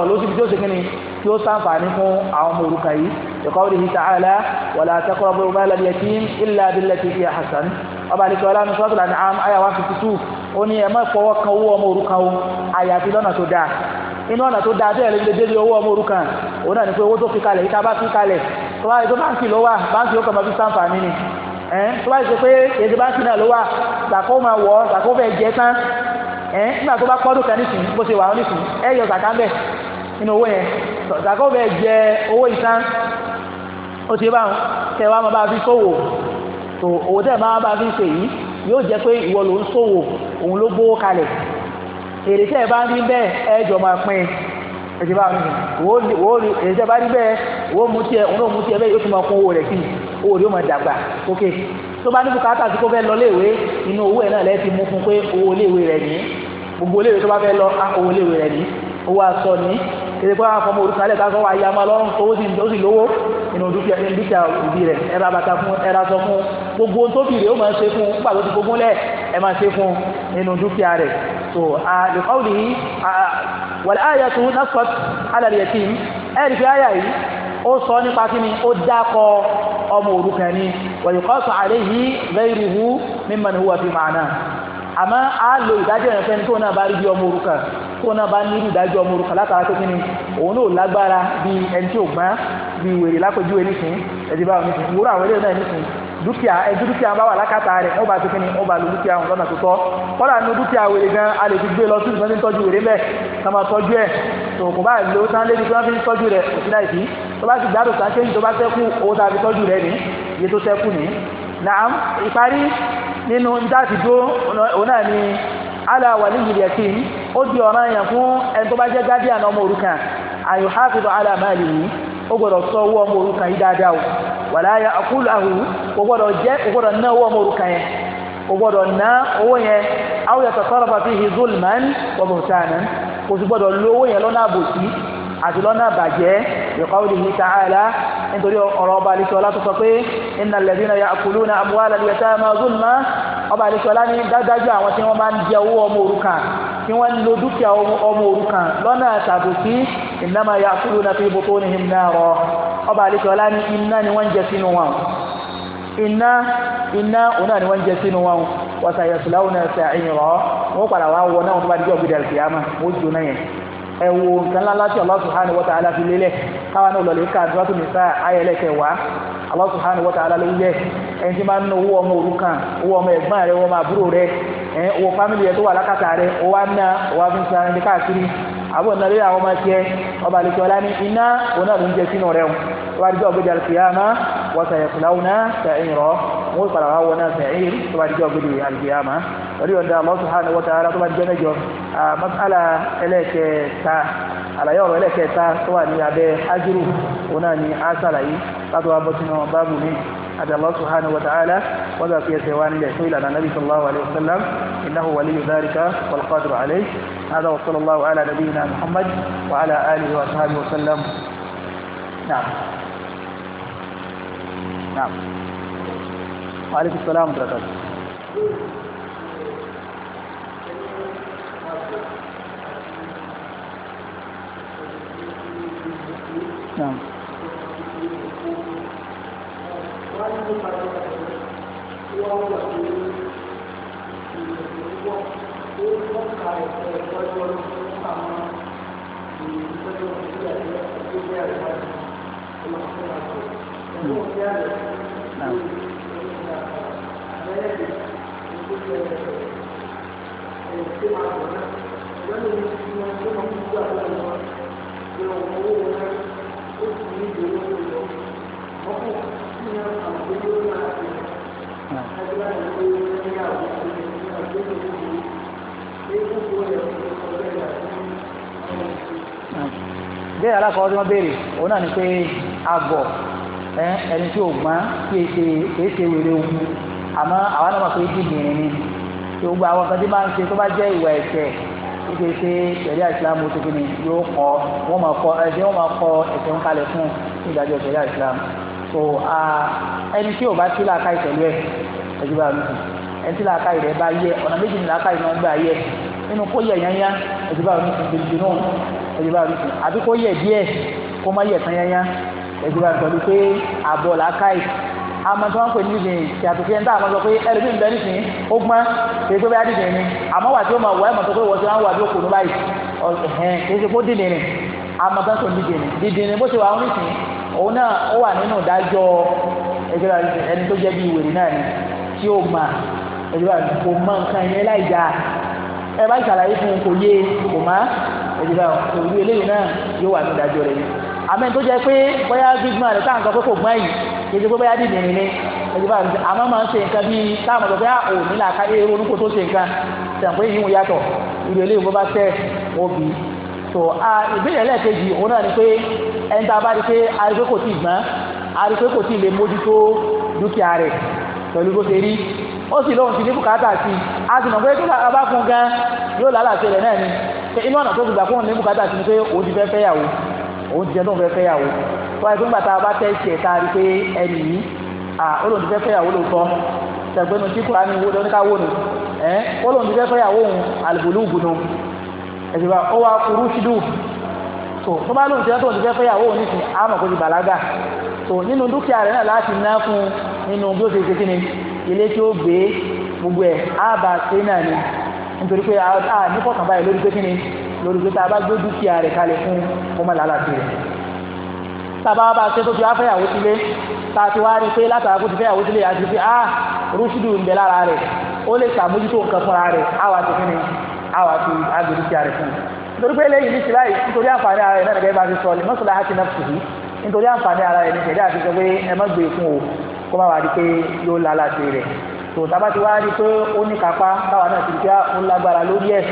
S2: wọ̀lẹ̀ kí ó sàǹfààní fún àwọn ọmọ òrukàn yìí ìkọ́ òdì hìtà àlà wọ̀lẹ̀ àtẹ́kọ̀rọ̀ bọ̀rọ̀ bá lẹ́bi ẹtí ilẹ̀ abilẹ̀ ti fi àhàsàn ọba àdìsọ ọlánú ní àm ní ẹ má o àyàfi lọ́nà tó owó ọmọ òrukàn tó bá yẹ pé báńkì ló wà báńkì ó kàn máa fi sáǹfààní ni tó bá yẹ pé èdè báńkì náà ló wà zàkó máa wọ̀ zàkó fẹ́ jẹ tán nígbà tó bá pọ́dún kan nísìn bó ṣe wà ó nísìn ẹ yọ zàká bẹ̀ nínú owó yẹn zàkó fẹ́ jẹ owó ìtàn ó ti báwọn tẹ wá máa bá fi sówò tó owó tẹ máa bá fi ṣe yìí yóò jẹ pé ìwọ ló ń sówò òun ló gbówó kalẹ̀ èrè tẹ bá ń rí bẹ́ẹ̀ ẹ jọ máa pín in ẹ̀jẹ̀ bá mi wò ó rí ẹ̀jẹ̀ bá rí bẹ́ẹ̀ wò ó mú tiẹ̀ òun náà mú tiẹ̀ bẹ́ẹ̀ yóò tún máa kún owó rẹ̀ sí owó rẹ̀ yóò máa dàgbà ok tó bá ní bùkátà tí kò fẹ́ lọ léèwé inú owó ẹ̀ náà lẹ́ẹ̀ ti mú fún pé owó léèwé rẹ̀ ní gbogbo léèwé tó bá fẹ́ lọ á owó léèwé rẹ̀ ní owó aṣọ ní èdè pé wọn fọmọ orúkọ alẹ́ ká sọ wá ya máa lọ́rùn tó ó sì lówó inú dúkìá dúkìá òbí rẹ̀ ẹ̀rọ abata fún ẹ̀rọ aṣọ fún gbogbo tó bìrì ó máa ṣe fún nígbà ti gbogbo lẹ̀ ẹ̀ máa ṣe fún inú dúkìá rẹ̀ so àlùkọ́ òdì wàlẹ́ àyà tó ń nọ́sọ̀ alàlẹ́ yẹtì ẹ̀rì fi àyà yìí ó sọ nípa kí ni ó dákọ ọmọ òrukàn ni wàlùkọ́sọ̀ àlẹ́ yìí ghayruhu mimman huwa fi ma'na àmọ́ a lo ìdájọ́ yẹn fẹ́ni tó náà bá rí bí ọmọ òrukàn tó náà bá ní ìdájọ́ ọmọ òrukàn látara tó kíni òun náà lágbára bí ẹni tí ò gbọ́n bí wèrè lápẹjú ẹnìkín ẹ̀dí báwọn nìkín wúrọ̀ àwọn eléyìí náà nìkín dúkìá ẹjú dúkìá bá wà lákàtà rẹ̀ ó bá ti kíni ó bá lu dúkìá òun lọ́nà tó tọ́ kọ́dà nu dúkìá wèrè gan a lè fi gbé lọ sí ìgbọ́n tí ń tọ́jú wèrè mẹ́ẹ̀ ká máa tọ́jú ẹ̀ tó kò bá lo tán lébi tí wọ́n fi ń tọ́jú rẹ̀ kò sí láìsí tó bá sì gbádùn tán ṣé ní tó bá sẹ́kù owó tá a fi tọ́jú rẹ̀ ní iye tó sẹ́kù ní. naam ìparí nínú dáàtì òun náà ni ala ó gbọ́dọ̀ sọ owó ọmọ òrukàn yìí dáadáa o wàlá ya àkúlàhù ó gbọ́dọ̀ jẹ́ ó gbọ́dọ̀ ná owó ọmọ òrukàn yẹn ó gbọ́dọ̀ ná owó yẹn àwọn yàtọ̀ sọ́rọ̀ fàfi hizul man wọ́mọ̀tánà kò sì gbọ́dọ̀ lo owó yẹn lọ́nà àbòsí àti lọ́nà àbàjẹ́ liqawlihi ta'ala nítorí ọ̀rọ̀ ọba àlekíọ́lá tó sọ pé innal ladhina ya'kuluna amwala al-yatama zulman ọba kí wọ́n lo dúkìá ọmọ òrukàn lọ́nà àtàbùsí innama ya'kuluna fi butunihim nara ọba àlekọ̀ọ́lá ní iná ni wọ́n jẹ sínú wọn iná iná òun náà ni wọ́n jẹ sínú wọn wa sayaslawna sa'ira wọ́n padà wá wọ náà tó bá dijọ́ gbẹdẹ̀ kìyàmá wọ́n jù náà yẹn ẹ nǹkan ńlá láti Allah subhanahu wa ta'ala fi lélẹ̀ káwọn náà lọ Allah subhanahu wa ta'ala ló yẹ ẹni tí máa ń owó ọmọ òrukàn owó ọmọ ẹ̀gbọ́n rẹ owó ọmọ àbúrò rẹ owó fámìlì rẹ tó wà lákàtà rẹ owó àná owó àfihàn ẹni káàkiri àbọ̀ nàlẹ́ àwọn ọmọ tiẹ̀ ọba àlejò ọlá ní iná òun náà ló ń jẹ sínú rẹ o tó bá di ọgbẹ́ di alùpùpù wọ́n sàyẹ̀ fúláwù náà sẹ̀yìn rọ wọ́n padà bá di ọgbẹ́ di alùpùpù pẹ̀lú àlàyé ọ̀rọ̀ ẹlẹ́kẹta tó wà ní abẹ́ ájúrù òun náà ni a sàlàyé látò wá bọ́ sínú báàbù mi àti Allah subhanahu wa ta'ala wọ́n gbà fi ẹsẹ̀ wá nílẹ̀ fún ìlànà nabi sallallahu alayhi wa sallam innahu waliyu dhalika wal qadiru alayhi
S1: نعم نعم Thank you. bẹ́ẹ̀
S2: alákọ̀ọ́ tí wọ́n béèrè òun náà ni pé àgọ̀ ẹni tí ò gbọ́n kí èsè èsè wèrè àmọ́ àwọn pé ni àwọn kan tí máa ń ṣe tó bá jẹ́ ìwà wípé pé sẹ̀ríà ìsìlámù tó kí ni yóò kọ́ wọ́n máa kọ́ ẹ̀sìn wọ́n máa kọ́ ẹ̀sìn ń kalẹ̀ fún ìdájọ́ sẹ̀ríà ìsìlámù so ẹni tí ò bá tí làákà ìtẹ̀lú ẹ̀ ẹ̀jú bá mi ẹni tí làákà ìrẹ̀ bá yẹ ọ̀nà méjì ní làákà ìrẹ̀ gbà yẹ nínú kó yẹ yányá ẹ̀jú bá mi gbèdéke náà ẹ̀jú bá mi àbí kó yẹ díẹ̀ kó má yẹ tán yányá ẹ̀jú bá mi pẹ̀lú pé àbọ̀ làákà àmọ́ tí wọ́n pè ní dìdìn yàtọ̀ sí ẹni tá àmọ́ sọ pé ẹlòmíì ń bẹ nísìn ó gbọ́n kì í pé bá dìdìn ni àmọ́ wà tí ó máa wọ ẹ̀mọ́ tó pé wọ́n ti wọ́n wà bí òkùnú báyìí ẹ̀hẹ́n kì í ṣe kó dìdìn ni àmọ́ tí wọ́n pè ní dìdìn ni dìdìn ni bó ṣe wà ń nísìn òun náà ó wà nínú ìdájọ́ ẹni tó jẹ́ bí ìwèrè náà ni tí ó mà ẹ̀dùn àti kò mọ nǹkan yẹn láì dáa ẹ bá ṣàlàyé kìí ṣe pé bóyá dìde nílé ẹjọ́ bá mi àmọ́ máa ń ṣe nǹkan bíi táwọn ọ̀dọ́ bóyá ò ní làákà ẹ ronúkọ tó ṣe nǹkan sàn pé yìí ń yàtọ̀ ìlú eléyìí bó bá tẹ̀ obì so ìbéèrè lẹ́ẹ̀kejì òun náà ni pé ẹni tá a bá rí pé arígbé kò tí ì gbọ́n arígbé kò tí ì lè mójútó dúkìá rẹ̀ pẹ̀lú bó ṣe rí ó sì lóun ti ní bùkátà sí a sì mọ̀ pé tó bá fún gan yóò lálàsẹ̀ rẹ̀ náà ni inú ọ̀nà tó ti gbà fún òun ní bùkátà sí ni pé òun ti fẹ́ fẹ́yàwó òun ti jẹ́ tóun fẹ́ fẹ́yàwó wáyé pé ńgbà tá a bá tẹ́ ṣe tá a rí pé ẹnì yìí olóhùn ti fẹ́ fẹ́yàwó lóòótọ́ tẹ̀gbẹ́nu tí kò á ní owó lóníká wò nù ẹ́ olóhùn ti fẹ́ fẹ́yàwó òun àlùbùlù bùnú ẹ̀sìn bá ó wá kúrú ṣídù tó tó bá lóhùn ti fẹ́ tó ti fẹ́ fẹ́yàwó òun nìsín àmọ̀ kó ti bàlágà tó nínú dúkìá rẹ̀ náà láti ná fún nínú bí ó ṣe ṣe kíni ilé tí ó gbé gbogbo ẹ̀ á bá ṣe náà ni nítorí pé a ní fọkànbáyé lórí pé kíni lórí pé tá a bá gbé dúkìá rẹ̀ kalẹ̀ fún ọmọ làlàtì rẹ̀ sábà bá ṣe tó ti wá fẹ́yàwó sílé tàbí wá rí pé látàkó ti fẹ́yàwó sílé àti pé ah rúṣùdù ń bẹ lára rẹ̀ ó lè ṣàmójútó nǹkan fúnra rẹ̀ àwa ti kíni àwa ti agbèrè sí ààrẹ fún un nítorí pé eléyìí ní síláì nítorí àǹfààní ara rẹ̀ náà gẹ́gẹ́ bá ti sọ lèmọ́sọ̀lá àti nàfṣùhì nítorí àǹfààní ara rẹ̀ ní ṣẹ̀dá àti sọ pé ẹ má gbé e fún o kó má wàá di pé yóò lálàṣe rẹ̀ tó tábà ti wá rí pé ó ní kápá káwa náà ti di pé ó lágbára lórí ẹ̀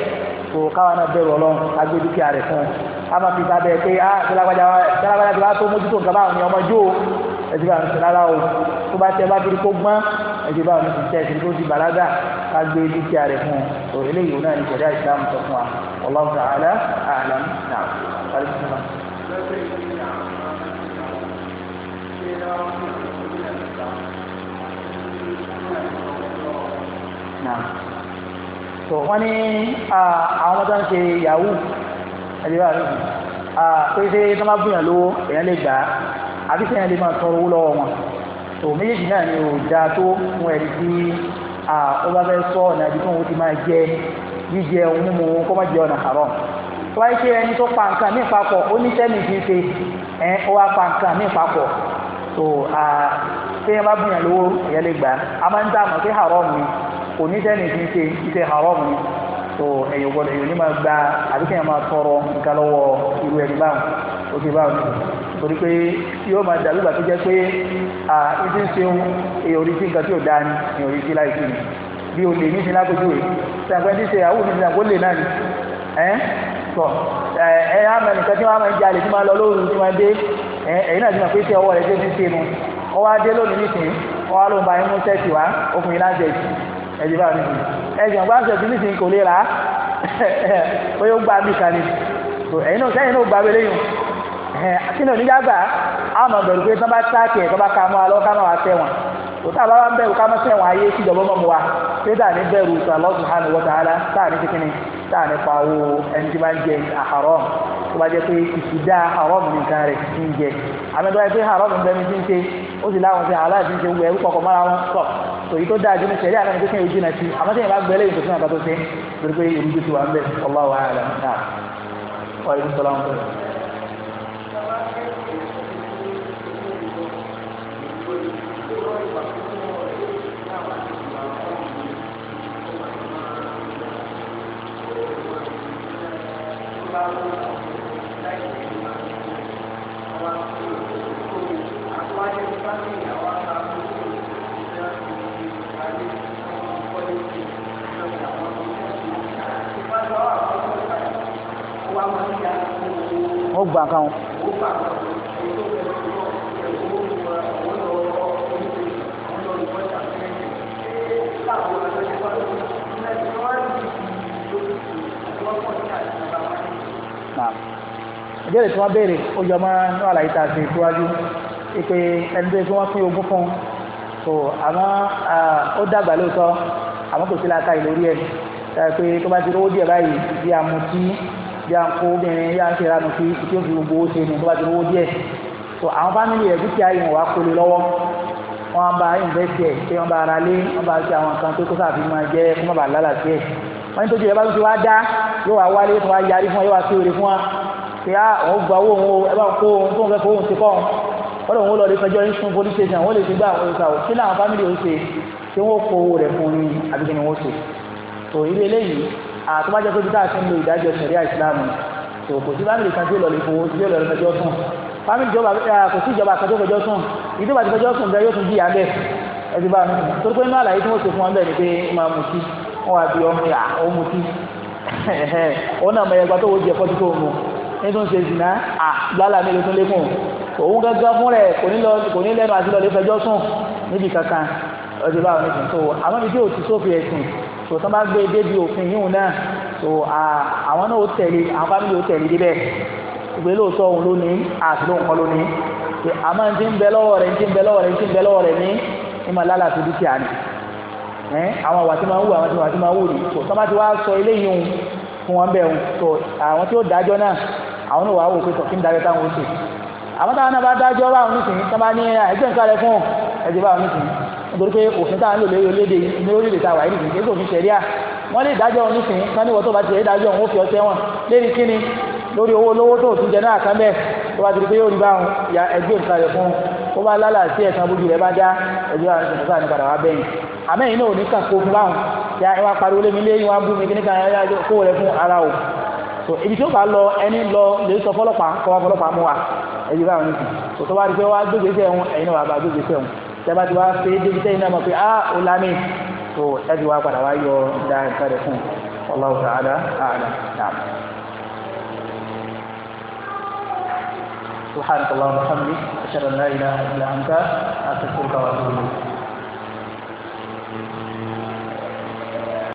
S2: tó káwa náà bẹ̀rù ọlọ́run agbé rẹ̀ fún un a máa fi sábẹ́ pé ah, á tẹ́lágbájá tí wàá tó mójútó nǹkan báwọn ni ọmọ jó ẹ̀sìn báwọn ti rárá o tó bá tẹ́ bá kiri kó gbọ́n ẹ̀sìn báwọn ti tẹ́ ẹ̀sìn tó ti bàlágà ká gbé dúkìá rẹ̀ fún un eléyìí náà ní ṣẹ̀dá ìsìlámù sọ fún wa Allahu ta'ala a'lam náà wàlúù sọ́kàn. náà tó wọ́n ní ah, àwọn tó ń ṣe yahoo ẹ̀dí wà lóbi pèsè tó máa bùyàn lówó èèyàn lè gbà á àbí sẹ́yìn lè máa tọrọ owó lọ́wọ́ wọn tó méjèèjì náà ni ò dáa tó fún ẹni tí ó bá fẹ́ sọ ọ̀nà ibi tó ń ti máa jẹ jíjẹ ohun mímu kó má jẹ ọ̀nà àárọ̀ tó wáyé pé ẹni tó pa nǹkan míì papọ̀ ó ní sẹ́mi fi ṣe ẹ ó wá pa nǹkan míì papọ̀ tó sẹ́yìn bá bùyàn lówó èèyàn lè gbà á a máa ń dá pé àárọ̀ mi kò ní sẹ́mi fi ṣe iṣẹ́ àárọ̀ mi tó ẹ̀yìn gbọ́dọ̀ èyí máa gba àbíkẹ́ yẹn máa tọrọ nǹkan lọ́wọ́ irú ẹni báwọn òkè báwọn torí pé yóò máa dàbí ìgbà tó jẹ́ pé ìdí ń ṣeun èyàn orí sí nǹkan tí ò dáa ni èyàn orí sí láìsí ni bí o lè ní ìsinmi lágbójú rẹ̀ sàgbẹ́ ní ṣe àwọn òmìnira kó lè náà ni ẹ́ sọ ẹ á mọ nìkan tí wọ́n á máa ń jalè tí máa lọ lóru tí máa dé ẹ̀yìn náà ti mọ̀ pé ṣé ọwọ́ rẹ̀ ṣe ti ṣe nu ọwọ́ adé lónìí nìsín ọwọ́ ló ń ba ẹmu sẹ́ẹ̀tì wá okùnrin láǹtẹ̀ẹ̀tì ẹ̀dì bá mi ẹ̀jẹ̀ ọ̀gbá ṣẹ̀ tí nísìnyí kò lè rà á [laughs] ó yóò gba bí kan ni ẹ̀yin náà sẹ́yìn náà gba abẹ́lé yìí sínú oníjà gbà á mọ̀ bẹ̀rù pé tán bá táàkì ẹ̀ tán bá ka mọ́ alọ́ ká máa tẹ̀ wọ́n kò tá a bá wá ń bẹ̀rù ká máa tẹ̀wọ̀n ayé kí ìjọba mọ̀ wa pé tá à ní bẹ̀rù Allah subhanahu wa ta'ala tá à ní kíkíni tá à ní pa owó ẹni tí bá ń jẹ haram tó bá jẹ́ pé ìsìdá haram nìkan rẹ̀ ń jẹ àmì tó bá yẹ pé haram ń bẹ́mi ti ń ṣe ó sì láwọn ṣe halal ti ń ṣe wù ẹ̀rú kọ̀ọ̀kan mọ́ra wọn sọ̀ èyí tó dáa jùlọ ṣẹlẹ̀ àtàwọn tó kẹ́ ojú náà ti àmọ́ sẹ́yìn bá gbẹ́lẹ́ ìtòsí náà kàtó ṣe torí pé èmi ju ti wà ń bẹ̀ ọlá wa rẹ̀ náà wà ní sọlá ń bẹ̀rẹ̀. Thank you. wọ́n gbà kan o. ìbéèrè tí wọ́n béèrè ó jọ mọ́ ní àlàyé tá a ṣe síwájú pé ẹni tó yẹ kí wọ́n pín ogún fún un so àmọ́ ó dàgbà lóòótọ́ àmọ́ kò sí láta ìlórí ẹ̀ pé tó bá ti rówó díẹ̀ báyìí bí a mutí yá ń kó obìnrin yá ń ṣe ìranù sí tí ó fi gbogbo owó ṣe ní tó bá ti rówó díẹ̀ so àwọn fámìlì rẹ̀ dúkìá yìí wọ́n wá kó lè lọ́wọ́ wọ́n á bá invest ẹ̀ pé wọ́n bá ara lé wọ́n bá ṣe àwọn nǹkan tó kó sáà fi máa jẹ́ kó má bàa lálà sí ẹ̀ wọ́n ní tó jẹ́ ẹ bá tún ti wá dá yóò wá wálé tó wá yarí fún wọn yóò wá kéwèrè fún wọn pé á ah, òun gba owó òun ẹ bá kó òun tó ń fẹ́ fowó ti kọ́ òun wọ́n lè wọ́n lọ lè fẹjọ́ ní sun police station wọ́n lè ti gbà òun sàwọ́ kí náà fámìlì ó ṣe ṣé wọ́n kó owó rẹ̀ fún un ní àbíkẹ́ni wọ́n ṣe tò ilé eléyìí àtúbájọ́ tó dúdá sí ń lo ìdájọ́ sẹ̀ríà ìsìlámù tó kò sí báńkì kan tí ó lọ lè fowó sí lọ́lẹ́ fẹjọ́ sùn fámìlì ìjọba kò sí ìjọba kan tó fẹjọ́ sùn ìjọba ti fẹjọ́ sùn yóò tún jìyà ń bẹ̀ ẹtì bá tó pé nínú àlàyé tí wọ́n ṣe fún wọn bẹ́ẹ̀ ni pé máa mu kí wọ́n wá bí ọmọ yà ó mu kí òun náà mẹ̀yẹ́gbà tó wọ́n jẹ fọ́tí tó mu ní tó ń ṣe zìnà à lálà mélòó tó lékún òun gángan fún rẹ̀ kò ní lẹ́nu àti lọ́lẹ́ fẹjọ́ sùn níbi kankan ẹtì bá wọn tó àmọ́ ibi tí ò ti sófin ẹ̀sìn tó tán bá gbé débi òfin yíhun náà tó àwọn náà ó tẹ̀lé àwọn fámìlì ó tẹ̀lé débẹ̀ ìgbé lóòótọ́ òun ló ní àti lóun kọ́ ló ní àmọ́ ní ti ń bẹ lọ́wọ́ rẹ̀ ní ti ń bẹ lọ́wọ́ rẹ̀ ní ti ń bẹ lọ́wọ́ rẹ̀ ní ìmọ̀ lálàfi dúkìá ni àwọn àwàtí máa ń wù àwọn àwàtí máa ń wù ní tó tán bá ti wá sọ eléyìí òun fún wọn bẹ̀ òun tó àwọn tí ó dájọ́ náà àwọn náà wà á wò pé tọ̀kí ń darí táwọn ó sì àwọn táwọn náà bá dájọ́ báwọn nísìnyí tán bá ní ẹgbẹ́ nǹkan rẹ fún ẹ̀jẹ̀ báwọn nísìnyí nítorí pé òfin táwọn lò lórí olédè ní orílẹ̀ tàwa yìí nìkan kéèkó òfin ṣẹ̀ríà wọ́n lè dájọ́ òun nísìnyí ká ní ìwọ tó bá ti lè dájọ́ òun ó fi ọtẹ́ wọn lérí kíni lórí owó lówó tó tún jẹ náà kánbẹ́ tó bá ti di pé yóò rí báwọn ya ẹgbẹ́ òǹkà rẹ̀ fún ó bá lálà sí ẹ̀sán bójú rẹ̀ bá dá ẹgbẹ́ àwọn ìṣẹ̀lẹ̀ sáà ní padà wá bẹ́yìn àmẹ́yìn náà ò ní kà kó fún báwọn ya ìwà pariwo lé mi lé ìwà bú mi kí níkan ẹ̀yà o so ibi tí ó bá lọ ẹni lọ lè sọ fọlọ́pàá kọ́ wá fọlọ́pàá mú wa ẹgbẹ́ báwọn nìkan tó tó bá rí pé wá gbégbèsè ẹ̀hún ẹ̀yin tẹ́bá ti wá ṣe é débi tẹ́yìn náà mọ̀ pé á ah, ó lámì tó ẹ ti wá padà wá yọ dá nǹkan rẹ̀ fún Allahu ta'ala a'lam náà. سبحانك اللهم وبحمدك أشهد أن لا إله
S3: إلا أنت أستغفرك وأتوب إليك